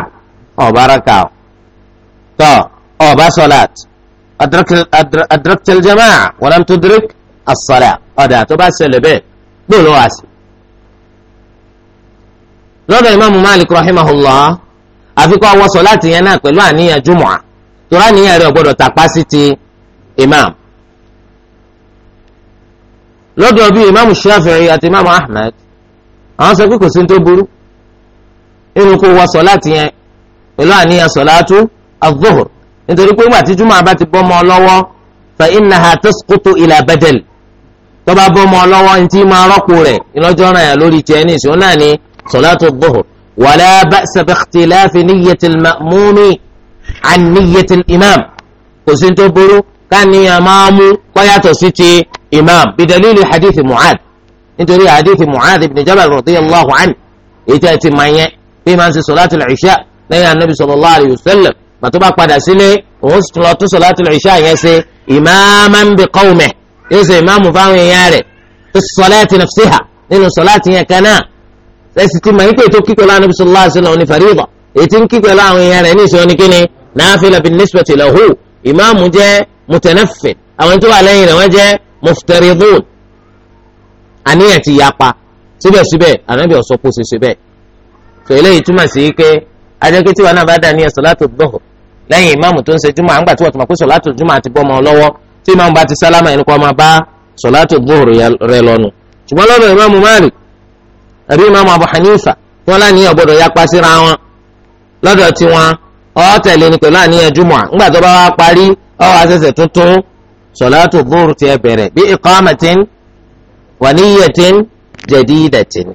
ọba raka ọ tọ ọba sọlat adraktil jamaa walam tudrik as-salat ọ̀dà tó bá ṣẹlẹ̀ bẹ́ẹ̀ gbòòrò wá sí. lọ́dọ̀ ìmáàmù malik rahimahullah àfikún àwọn sọláàtì yẹn náà pẹ̀lú àníyàn jùmọ̀à torí àníyàn rẹ̀ gbọ́dọ̀ tàpá sí ti imam. lọ́dọ̀ bíi imam shafi'i àti imam ahmed àwọn sọ pé kò sí ní tó burú nínú kó wọ sọláàtì yẹn pẹ̀lú àníyàn sọláàtù az-zuhr nítorí pé ìgbà tí júmọ̀ bá ti bọ́ mọ́ ọ lọ́wọ́ fa innaha tasqutu ila badal tó bá bọ́ mọ́ ọ lọ́wọ́ ní tí máa rọ́pò rẹ̀ ìlọ́jọ́ ràn yàn lórí tiẹ̀ ní ìṣó náà ní sọláàtù az-zuhr wala ba'sa bi ikhtilafi niyyati al imam kò sí tó burú káníyàn máa mú kó sí ti imam bidalili hadith mu'ad nítorí hadith mu'ad ibn jabal radiyallahu anhu èyí tẹ́ ti máa yẹn bí màá ṣe solatul isha lẹ́yìn anabi sallallahu alayhi wa sallam bàtú bá padà sílé òun lọ tún solatul isha yẹn ṣe imaman bi qawmihi yóò ṣe ìmáàmù fáwọn èèyàn rẹ̀ fi salati nafsiha nínú sọláàtì yẹn kan náà ẹsì ti mọ̀ ní pé ètò kíkọ́ lánàá nabi sallallahu alayhi wa sallam ní fariḍa ètò kíkọ́ láwọn èèyàn rẹ̀ ní ìṣòro ní kíni nafila Kele eléyìí túmọ̀ sí pé ajẹ́kẹ́ tí wọn náà bá dà ní sọ̀látù dọ̀hùr lẹ́yìn ìmáàmù tó ń ṣe júmọ̀ àǹgbà tí wọ́n ti mọ̀ pé sọ̀látù júmọ̀ àti bọ́ ọmọ lọ́wọ́ tí ìmáàmù bá ti sálámà ẹni kọ́ máa bá sọ̀látù dọ̀hùr rẹ lọ́nu ṣùgbọ́n lọ́dọ̀ ìmáàmù Malik àbí ìmáàmù Abu Hanifa tí wọ́n láníyàn gbọ́dọ̀ yapa síra wọn lọ́dọ̀ tí wọn tẹ̀lé ni pẹ̀lú àníyàn júmọ̀ tó bá wá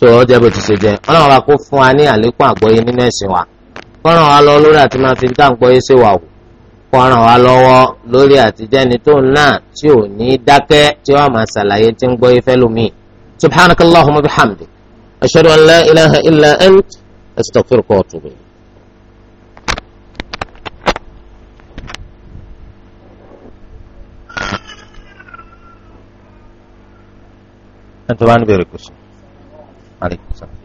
tó ọjọ́ bó ti ṣe jẹ́ ọlọ́run wa kó fún wa ní àlékún àgbọ́yé nínú ẹ̀sìn wa kọ́ràn wa lọ lórí àti máa fi ń dáǹgbọ́ yé ṣe wà wò kọ́ràn wa lọ́wọ́ lórí àtijẹ́ni tó ń náà tí ò ní dákẹ́ tí wọ́n máa ṣàlàyé tí ń gbọ́ fẹ́ lómi subhanaka allahumma bihamdi ashhadu an la ilaha illa ant astaghfiruka wa atubu ilayk ẹni tó Aleykum salaam.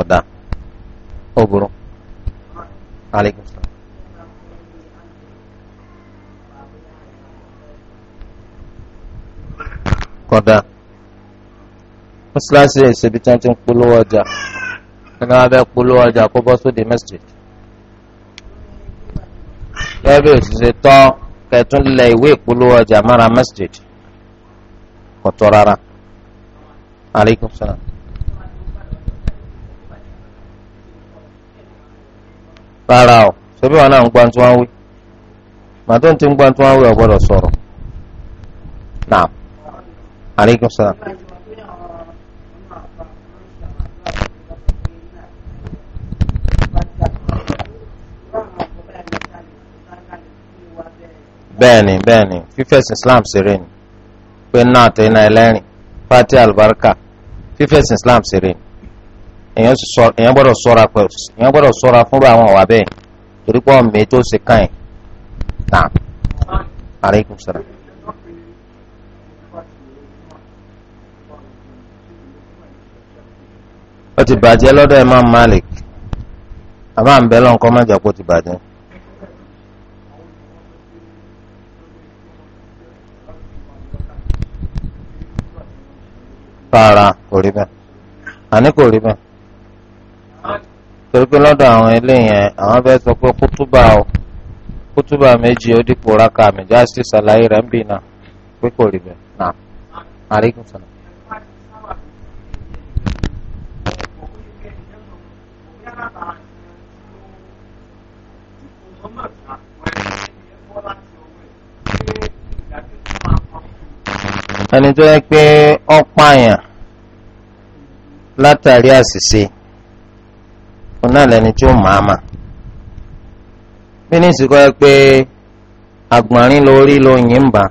ọ̀dà ọ̀bùrù aleykum salaam. kọ̀dà mọ́sálásí ẹ̀ṣẹ̀bi tí wọ́n ti ń polówó ọjà ẹni wọ́n bẹ́ẹ̀ polówó ọjà kó bọ́ sóde mẹ́sítírì. lẹ́bí òṣìṣẹ́ tọ́ kẹtún lẹ ìwé ìpolówó ọjà mara masjid kò tọ́ rárá. aleykum salaam. rárá o ṣebí wọn náà ń gbọ́n tí wọ́n wí màtó ti ń gbọ́n tí wọ́n wí aleykum salaam. bẹ́ẹ̀ni bẹ́ẹ̀ni fífẹ̀sìn islam ṣeré ni pé náà tẹ iná ẹlẹ́rìn albarka fífẹ̀sìn islam ṣeré ni èèyàn gbọ́dọ̀ ṣọ́ra pẹ èèyàn gbọ́dọ̀ ṣọ́ra fúnra àwọn ọwà bẹ́ẹ̀ torí pé ṣe kàn yín náà ó ti bàjẹ́ lọ́dọ̀ Imam Malik ń bẹ́ lọ́nkọ́ rárá kò rí bẹ́ẹ̀ àní kò rí bẹ́ẹ̀ torí pé lọ́dọ̀ àwọn eléyẹn àwọn fẹ́ sọ pé kútúbà o kútúbà méjì ó dípò rákà méjì á sì ṣàlàyé rẹ̀ ń bì náà pé kò rí bẹ́ẹ̀ náà àríkùn sọ̀rọ̀. ẹni tó yẹ pé ọ̀pààyàn látàrí àṣìṣe òun náà lẹni tí ó máa mà bí ní ìsìnkú yẹ pé àgbọ̀nrín lórí ló yìn ń bà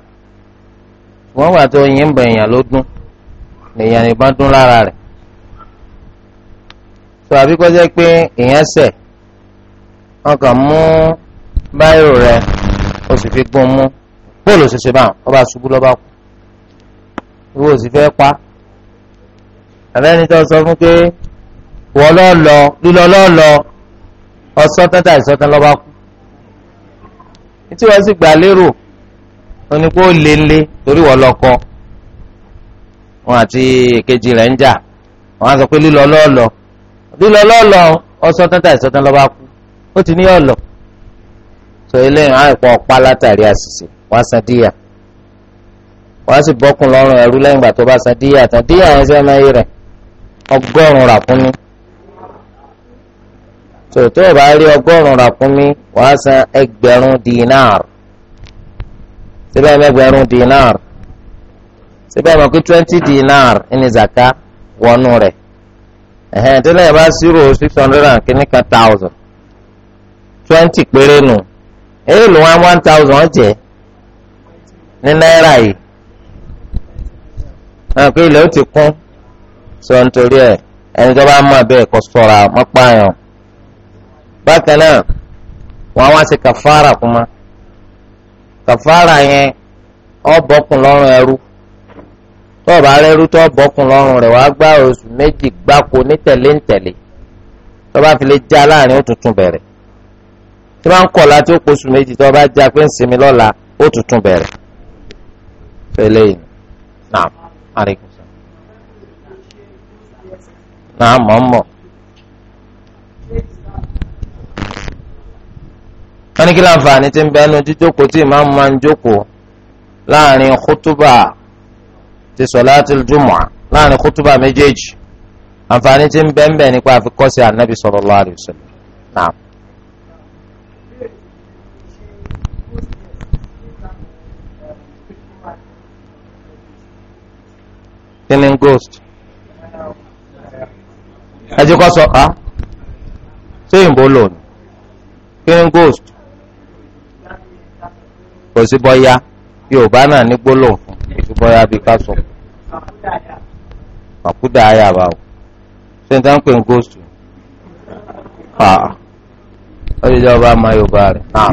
wọ́n gbà tó yìn ń bà èèyàn ló dún lèèyàn ìbọn dún lára rẹ̀ tó àbí kọ́ jẹ́ pé èèyàn ṣẹ̀ wọ́n kàn mú báyìí rẹ̀ o sì fi gún mú bóòlù ṣẹṣẹ báwọn ọba ṣubú lọ́ba kú. ìwọ ò sì fẹ́ pa àbẹ́ni sọ fún pé wọ́n ọsọ lọ lílọ lọ́ lọ ọsọ́tán lọ́ba kú wọ́n sì gbà lérò onípò torí wọ́n lọ́kọ́ wọn àti èkejì rẹ̀ ń jà wọn á sọ pé lílọ lọ́ọ̀lọ́ lọ́ọ̀lọ́ sọ eléyìí látàrí àṣìṣe wọ́n á wọ́n sì bọ́kùn lọ́rùn ẹrú lẹ́yìn ìgbà tó bá san díyà tán díyà yẹn sẹ́ máa yé rẹ̀ ọgọ́rùn-ún ràkúnmí tó tó o bá rí ọgọ́rùn-ún ràkúnmí wàá san ẹgbẹ̀rún dinar síbẹ̀ mẹ́gbẹ̀rún dinar síbẹ̀ mọ̀ pé twenty dinar ní zaka wọnú rẹ̀ ẹ̀hẹ́n tẹ́lẹ̀ yẹn bá zero six hundred and kìíní kan thousand twenty péré nù èyí ló one thousand jẹ́ ní náírà yìí àwọn pé ilẹ̀ ó ti kún sọ nítorí ẹ̀ ẹni tó bá mọ abẹ́ ẹ̀kọ́ sọ̀rọ̀ àwọn pààyàn bákan náà wọn wá sí kàfàrà kuma kàfàrà yẹn ọ bọ́kùn lọ́rùn ẹrú tó o bá rẹ́rú tó o bọ́kùn lọ́rùn rẹ̀ wàá gbá oṣù méjì gbáko ní tẹ̀lé ńtẹ̀lé tó o bá fi lè já láàrin ó tuntun bẹ̀rẹ̀ tó o bá ń kọ̀ láti ó poṣù méjì tó o bá já pé ń sinmi lọ́la ó tuntun bẹ̀rẹ̀ pẹ̀lẹ́ yìí náà àríkùsọ. náà mọ̀ ń mọ̀. wọ́n ní kí láǹfààní ti ń bẹ ẹnu jíjókòó tí ìmáàmù máa ń jókòó láàrin kútúbà ti sọ̀láàtìl jumu'a láàrin kútúbà méjèèjì àǹfààní ti ń bẹ ń bẹ nípa àfikọ́sí ànábì sallallahu alaihi wasallam kíni ghost ẹjẹ kọ sọ a ah, sóyìnbó lò ní kíni ghost kò sí bọ́yá yorùbá náà ní gbólóhùn fún kò sí bọ́yá bí ká sọ àkúdà ayà bá o ṣé n ta ń pè ní ghost ah, ó lè jẹ́ ọba máa yorùbá rẹ̀ náà.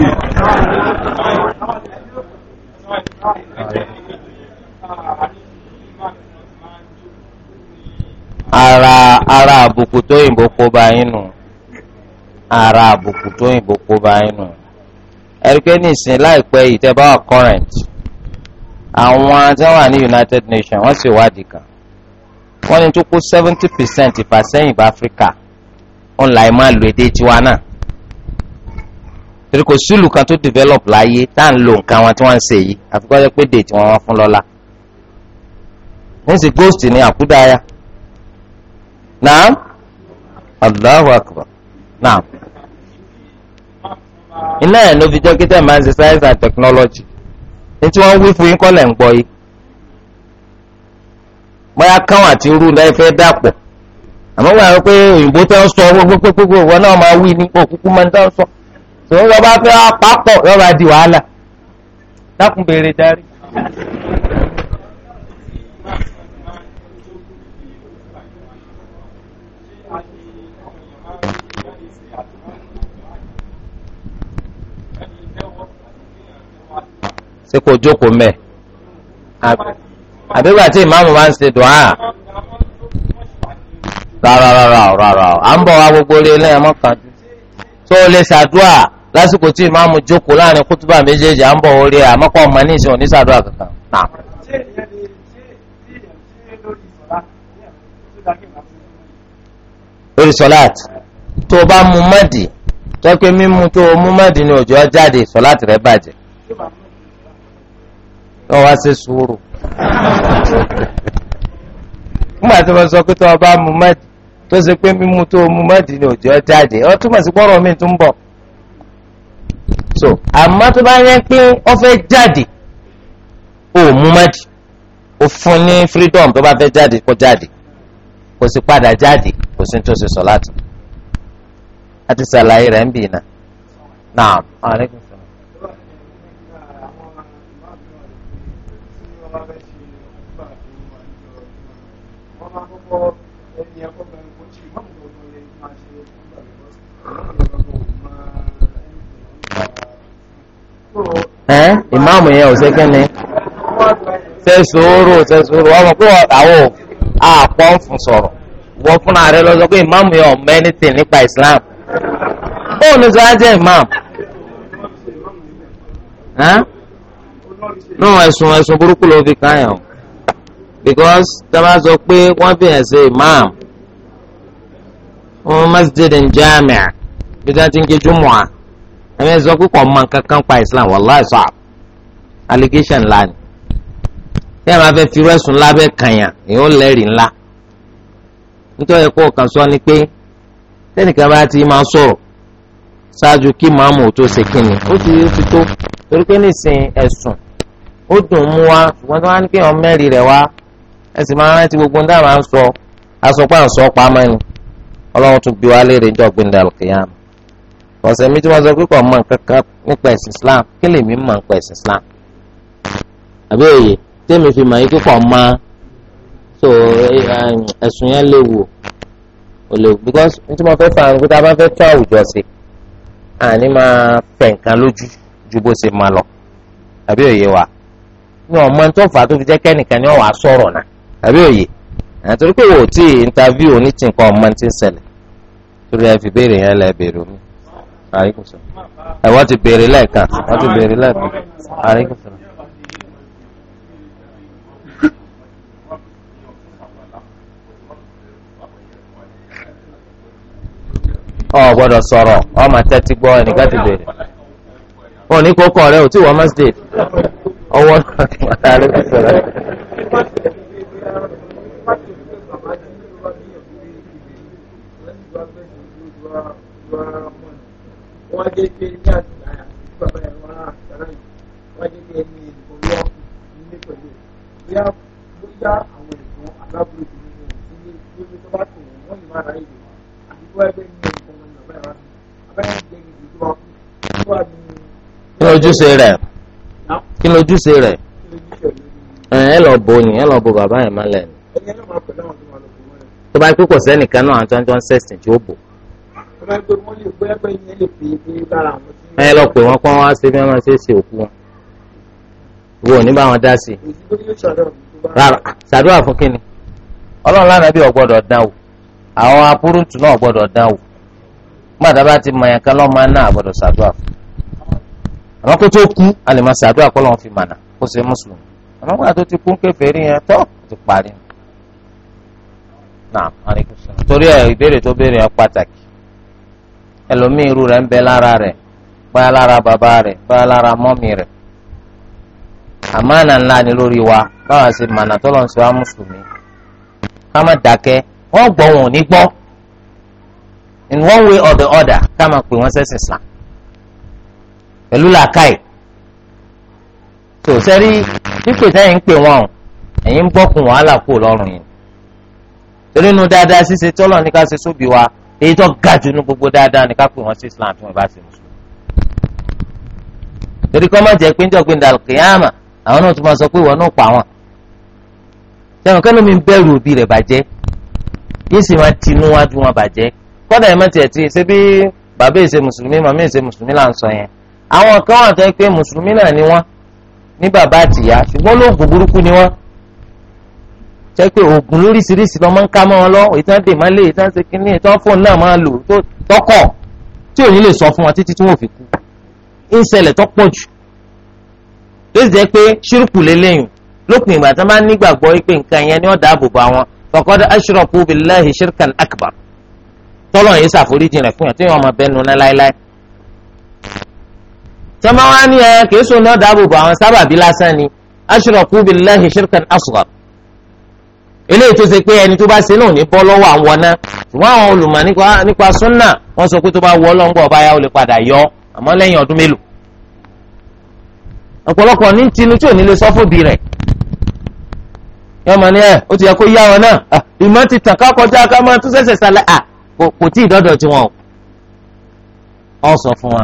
Ah. [LAUGHS] ara ara àbùkù tó yìnbó kó bá yín nù ara àbùkù tó yìnbó kó bá yín nù ẹ̀ríkẹ́ nìsín láìpẹ́ ìtẹ́bá wà current àwọn tí wọ́n wà ní United Nations wọ́n sì wádìí kan wọ́n ní tó kó seventy percent ìfàsẹ́yìn bá Áfíríkà òun láì máa lo èdè tiwa náà torí kò kan tó develop láyé tá à ń lo nǹkan wọn tí wọ́n ń ṣe yìí àfikún ọjọ́ pé dèjì wọn wọ́n fún lọ́la níṣẹ́ ghost ní àkúdáyà naam allahu akbar naam iná ẹ̀ ló fi jẹ́ kíta máa ń ṣe science and technology ní tí wọ́n wí fún yín kọ́lẹ̀ ń gbọ́ yìí bóyá káwọn àti irú rẹ fẹ́ dàpọ̀ àmọ́ wọ́n yàrá pé òyìnbó tẹ́ ń sọ gbogbogbò wọn náà máa wí ní òkúkú máa ń tẹ́ ń sọ tòun lọ bá fẹ́ pápọ̀ lọ́ba di wàhálà darí ṣé kò jókòó mẹ́ àbígbà tí ìmáàmù máa ń ṣe dùn áà rárá rárá rárá à ń bọ̀ wá gbogbo orí ẹlẹ́yìn mọ́ kan tó o lè ṣàdúà lásìkò tí ìmáàmù jókòó láàrin kútúbà méjèèjì à ń bọ̀ orí ẹ̀ àmọ́kọ́ ọmọ ní ìṣòro kankan lórí sọláàtì tó o bá mu mọ́dì tọ́pẹ́ mímu tó o mu mọ́dì ni òjò jáde sọláàtì rẹ bàjẹ́. ọ wá ṣe sùúrù nígbà tí wọ́n sọ pé tó o bá mu tó ṣe pé ni òjò jáde ọ túmọ̀ sí pọ́rọ̀ mi tó so àmọ́ tó bá yẹ pé ọ fẹ́ jáde ó mu ó fún ní freedom tó bá fẹ́ padà jáde kò sí tó ṣe kọ́ ẹni ẹ̀kọ́ bẹ̀rẹ̀ kó ìmáàmù yẹn ò ṣe kí ni ṣe sòórò ṣe sòórò ọmọ pé àwọn àpọ̀ ń fún sọ̀rọ̀ wọ́n fúnra rẹ lọ sọ pé ìmáàmù yẹn ò mẹ́nìtì nípa Islam ó ní sọ ajẹ́ ìmáàmù náà ẹ̀sùn ẹ̀sùn burúkú ló fi káyàn o because tàbá sọ pé wọ́n fi hàn sí imam wọn masjid jami'a bí wọ́n ti ń ké jùmọ̀à ẹ̀mí ẹ̀ sọ pé kò mọ kankan pa islam wàláì sọ allegation ńlá ni bí àwọn afẹ́ fi rẹ́sùn lábẹ́ kànyàn èyí ó lẹ́rìí ńlá nítorí pé ọ̀kan sọ ni pé tẹ́nìkan bá ti máa sọ̀rọ̀ ṣáájú kí màmú tó ṣe kíni ó ti ó ti tó torí pé nísìnyí ẹ̀sùn ó dùn mú wa ṣùgbọ́n tí wọ́n á ní kí wọ́n mẹ́rin rẹ̀ wá ẹ sì máa rántí gbogbo ní àwọn àǹsọ asopá àǹsọ pamọ́ ni ọlọ́run tún bí wa léèrè jọ gbẹ̀ndà kìyàm ọ̀sẹ̀ mi tí sọ pé kò mọ̀ nǹkan nípa ẹ̀sìn Islam kí lèmi mọ̀ nípa ẹ̀sìn Islam àbí òye tèmi fi mọ̀ yín kíkọ̀ mọ́ so ẹ̀sùn yẹn léwu ò léwu because n tí mo fẹ́ fà ń kú tá a bá fẹ́ tó àwùjọ sí àní máa fẹ̀ nǹkan lójú ju bó ṣe máa lọ àbí òye wa ni ọmọ tó fà á tó fi jẹ́ kẹ́nìkan ni ọ̀ wá sọ̀rọ̀ náà àbí àtúrò pé wò ó tí interview ní ti nǹkan ọmọ ti ń ṣẹlẹ̀ torí ẹ fi béèrè yẹn lẹ béèrè omi àríkùsọ ẹ wọ́n ti béèrè lẹ́ẹ̀kan wọ́n ti béèrè lẹ́ẹ̀kan àríkùsọ. ọ ọmọ tẹ́tí gbọ́ ẹnìkan ti béèrè wọn ní kókó rẹ ò tí wọ́n náà ti máa wọ́n jẹ́ pé ní àtìlá bàbá ẹ̀ kí lójúṣe rẹ̀ rẹ̀. ẹ lọ bo yìnyín ẹ lọ bo bàbá yẹn mọ́lẹ̀ ni tó bá pípọ̀ sẹ́nìkan náà àti ọjọ́ ń sẹ̀sìn sí bí wọ́n máa ṣe ṣe òkú wọn wo ní bá wọn dá sí rárá fún ọlọ́run lánàá bí dán o àwọn apúrúntù náà dán o gbàdá bá ti lọ́ọ́ máa a àmọ́ gbà ti kún kèfèrí yẹn tó ti parí náà àríkùsọ torí ẹ ìbéèrè tó béèrè yẹn pàtàkì ẹlòmíì irú rẹ̀ ń bẹ lára rẹ̀ báyà lára bàbá báyà lára ńlá ni lórí wa báwa ṣe mànà tọ́lọ̀ ń ṣe wá mùsùlùmí ká má wọ́n in one way or the other ká máa pè wọ́n sẹ́sìn Islam pẹ̀lú tó sẹ́rí pípè sẹ́yìn ń pè wọ́n o ẹ̀yin ń bọ́kùn wàhálà kù lọ́rùn yìí torí nu dáadáa ṣíṣe tọ́lọ̀ ní ká wa èyí tó ga jù gbogbo dáadáa ní ká pè wọ́n sí Islam tí wọ́n bá ṣe mùsùlùmí torí kọ́ má jẹ́ pé àwọn náà tún máa sọ pé náà pa wọn sẹ́wọ̀n kẹ́lẹ́ mi bẹ̀rù òbí rẹ̀ bàjẹ́ yìí sì máa tinú wájú wọn bàjẹ́ kọ́dà ẹ̀ ní bàbá àtìyá ṣùgbọ́n lóògùn burúkú ni wọ́n jẹ́ pé oògùn lóríṣiríṣi lọ́mọ ń ká mọ́ wọn lọ ìtàn dè má lè ìtàn ṣe kínní ìtàn fóònù náà máa lò tọkọ̀ tí ò ní lè sọ fún wọn títí tí wọn ò fi kú ń ṣẹlẹ̀ tó pọ̀ jù ló sì jẹ́ pé ṣírùkù lélẹ́yìn lópin ìgbà tí wọ́n bá nígbàgbọ́ pé nǹkan yẹn ni wọ́n dáàbò bá wọn faqad ashraku billahi shirkan akbar tọ́lọ́ yìí ṣàforíjì rẹ̀ fún yàn tí wọ́n máa bẹ́ẹ̀ náà láéláé tọ́mọ wa ní ẹ kìí sùn náà dáàbò bò àwọn sábàbí lásán ni ashraku billahi shirkan asghar eléyìí tó ṣe pé ẹni tó bá ṣe náà ní bọ́ lọ́wọ́ àwọn náà ṣùgbọ́n àwọn olùmọ̀ nípa súnà wọ́n sọ pé tó bá wọ́ lọ́ngbọ̀ ọba yá ó lè padà yọ àmọ́ lẹ́yìn ọdún mélòó ọ̀pọ̀lọpọ̀ ní tinú tí ò ní lè sọ fòbí rẹ̀ yọmọ ni ẹ ó ti yẹ kó yá wọn náà ah, ìmọ̀ ti tàn ká kọjá ká máa tún ṣẹ̀ṣẹ̀ ṣàlẹ̀ à ah, kò tí ì dọ́dọ̀ tiwọn o ọ sọ fún wa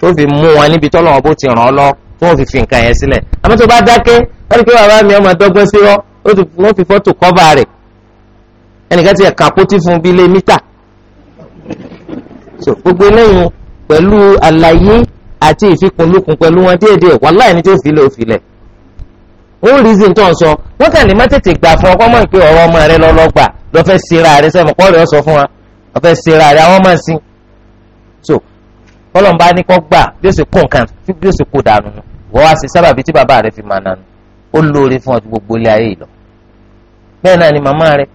tó fi mú wọn níbi tọ́lọ̀ wọn bó ti ràn ọ́ lọ tó wọn fi fi nǹkan yẹn sílẹ̀ àmọ́ tó bá dákẹ́ wọ́n ti pé bàbá mi ọmọ ẹ̀dọ́gbọ́n sí rọ́ wọ́n fi fọ́tò kọ́ba rẹ̀ ẹnìkan ti ẹ̀ka pótí fún bíi mítà so gbogbo eléyìí pẹ̀lú àlàyé àti ìfikùnlukùn pẹ̀lú wọn déédéé wàláhì ní tó filẹ̀ ò filẹ̀ ó rí zin tó ń sọ wọ́n kàn ní má tètè gbà fún ọkọ mọ̀ pé ọ̀rọ̀ ọmọ rẹ lọ́lọ́gbà lọ́fẹ́ sera rẹ sẹ́mu kọ́ rẹ̀ ọ fún wa lọ́fẹ́ sera rẹ àwọn máa sin so bọ́lọ̀mbá ní kọ́ gbà bí ó sì kó nǹkan bí ó sì kó dànù wọ́n wá sí sábàbí tí bàbá rẹ̀ fi máa nànú ó lóore fún ọtí gbogbo ilé ayé ìlọ bẹ́ẹ̀ náà ni màmá rẹ̀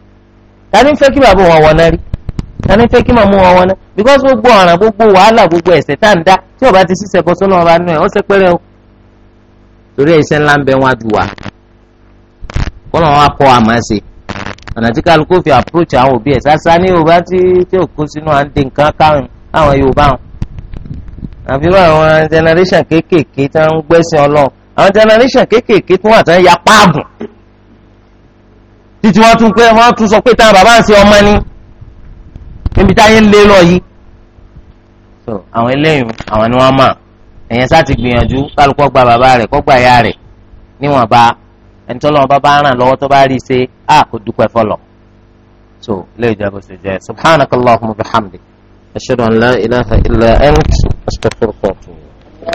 ta ni fẹ́ kí bàbá wọn wọná rí ta ni fẹ́ kí màmú wọn wọná because gbogbo ọ̀ràn gbogbo wàhálà gbogbo ẹ̀ṣẹ̀ tá à ń dá tí ọba ti ṣiṣẹ́ bọ́ sọ́lọ́ ọba nù ẹ̀ ó ṣe pẹ́rẹ́ o torí ẹ̀ṣẹ̀ ńlá ń bẹ wọn adùn kọ́nà wọn akọ àmọ́ ṣe ọ̀nà tí kálukú fi approach àwọn òbí ẹ̀ sásá ní yorùbá tí tí ò sínú à ń de nǹkan káwọn àwọn yorùbá wọn àbírò àwọn generation kéékèèké tó ń gbẹ́sìn ọlọ́run àwọn generation kéékèèké tó wà tó ń ya páàgùn títí wọ́n tún pé wọ́n tún sọ pé táwọn bàbá ń ṣe ọmọ ni níbi táyé ń lé lọ yìí so àwọn eléyìí àwọn ni wọ́n mọ̀ ẹ̀yẹn sá ti gbìyànjú kálukọ́ gba bàbá rẹ̀ kọ́ gba ìyá rẹ̀ níwọ̀n bá ẹni tó lọ́wọ́ bá bá ràn lọ́wọ́ tó bá rí i ṣe á kò dúpẹ́ fọlọ̀ so lè jẹ́ bó ṣe jẹ́ subhanakallahumma bihamdik ashhadu an la ilaha illa ant astaghfirullah.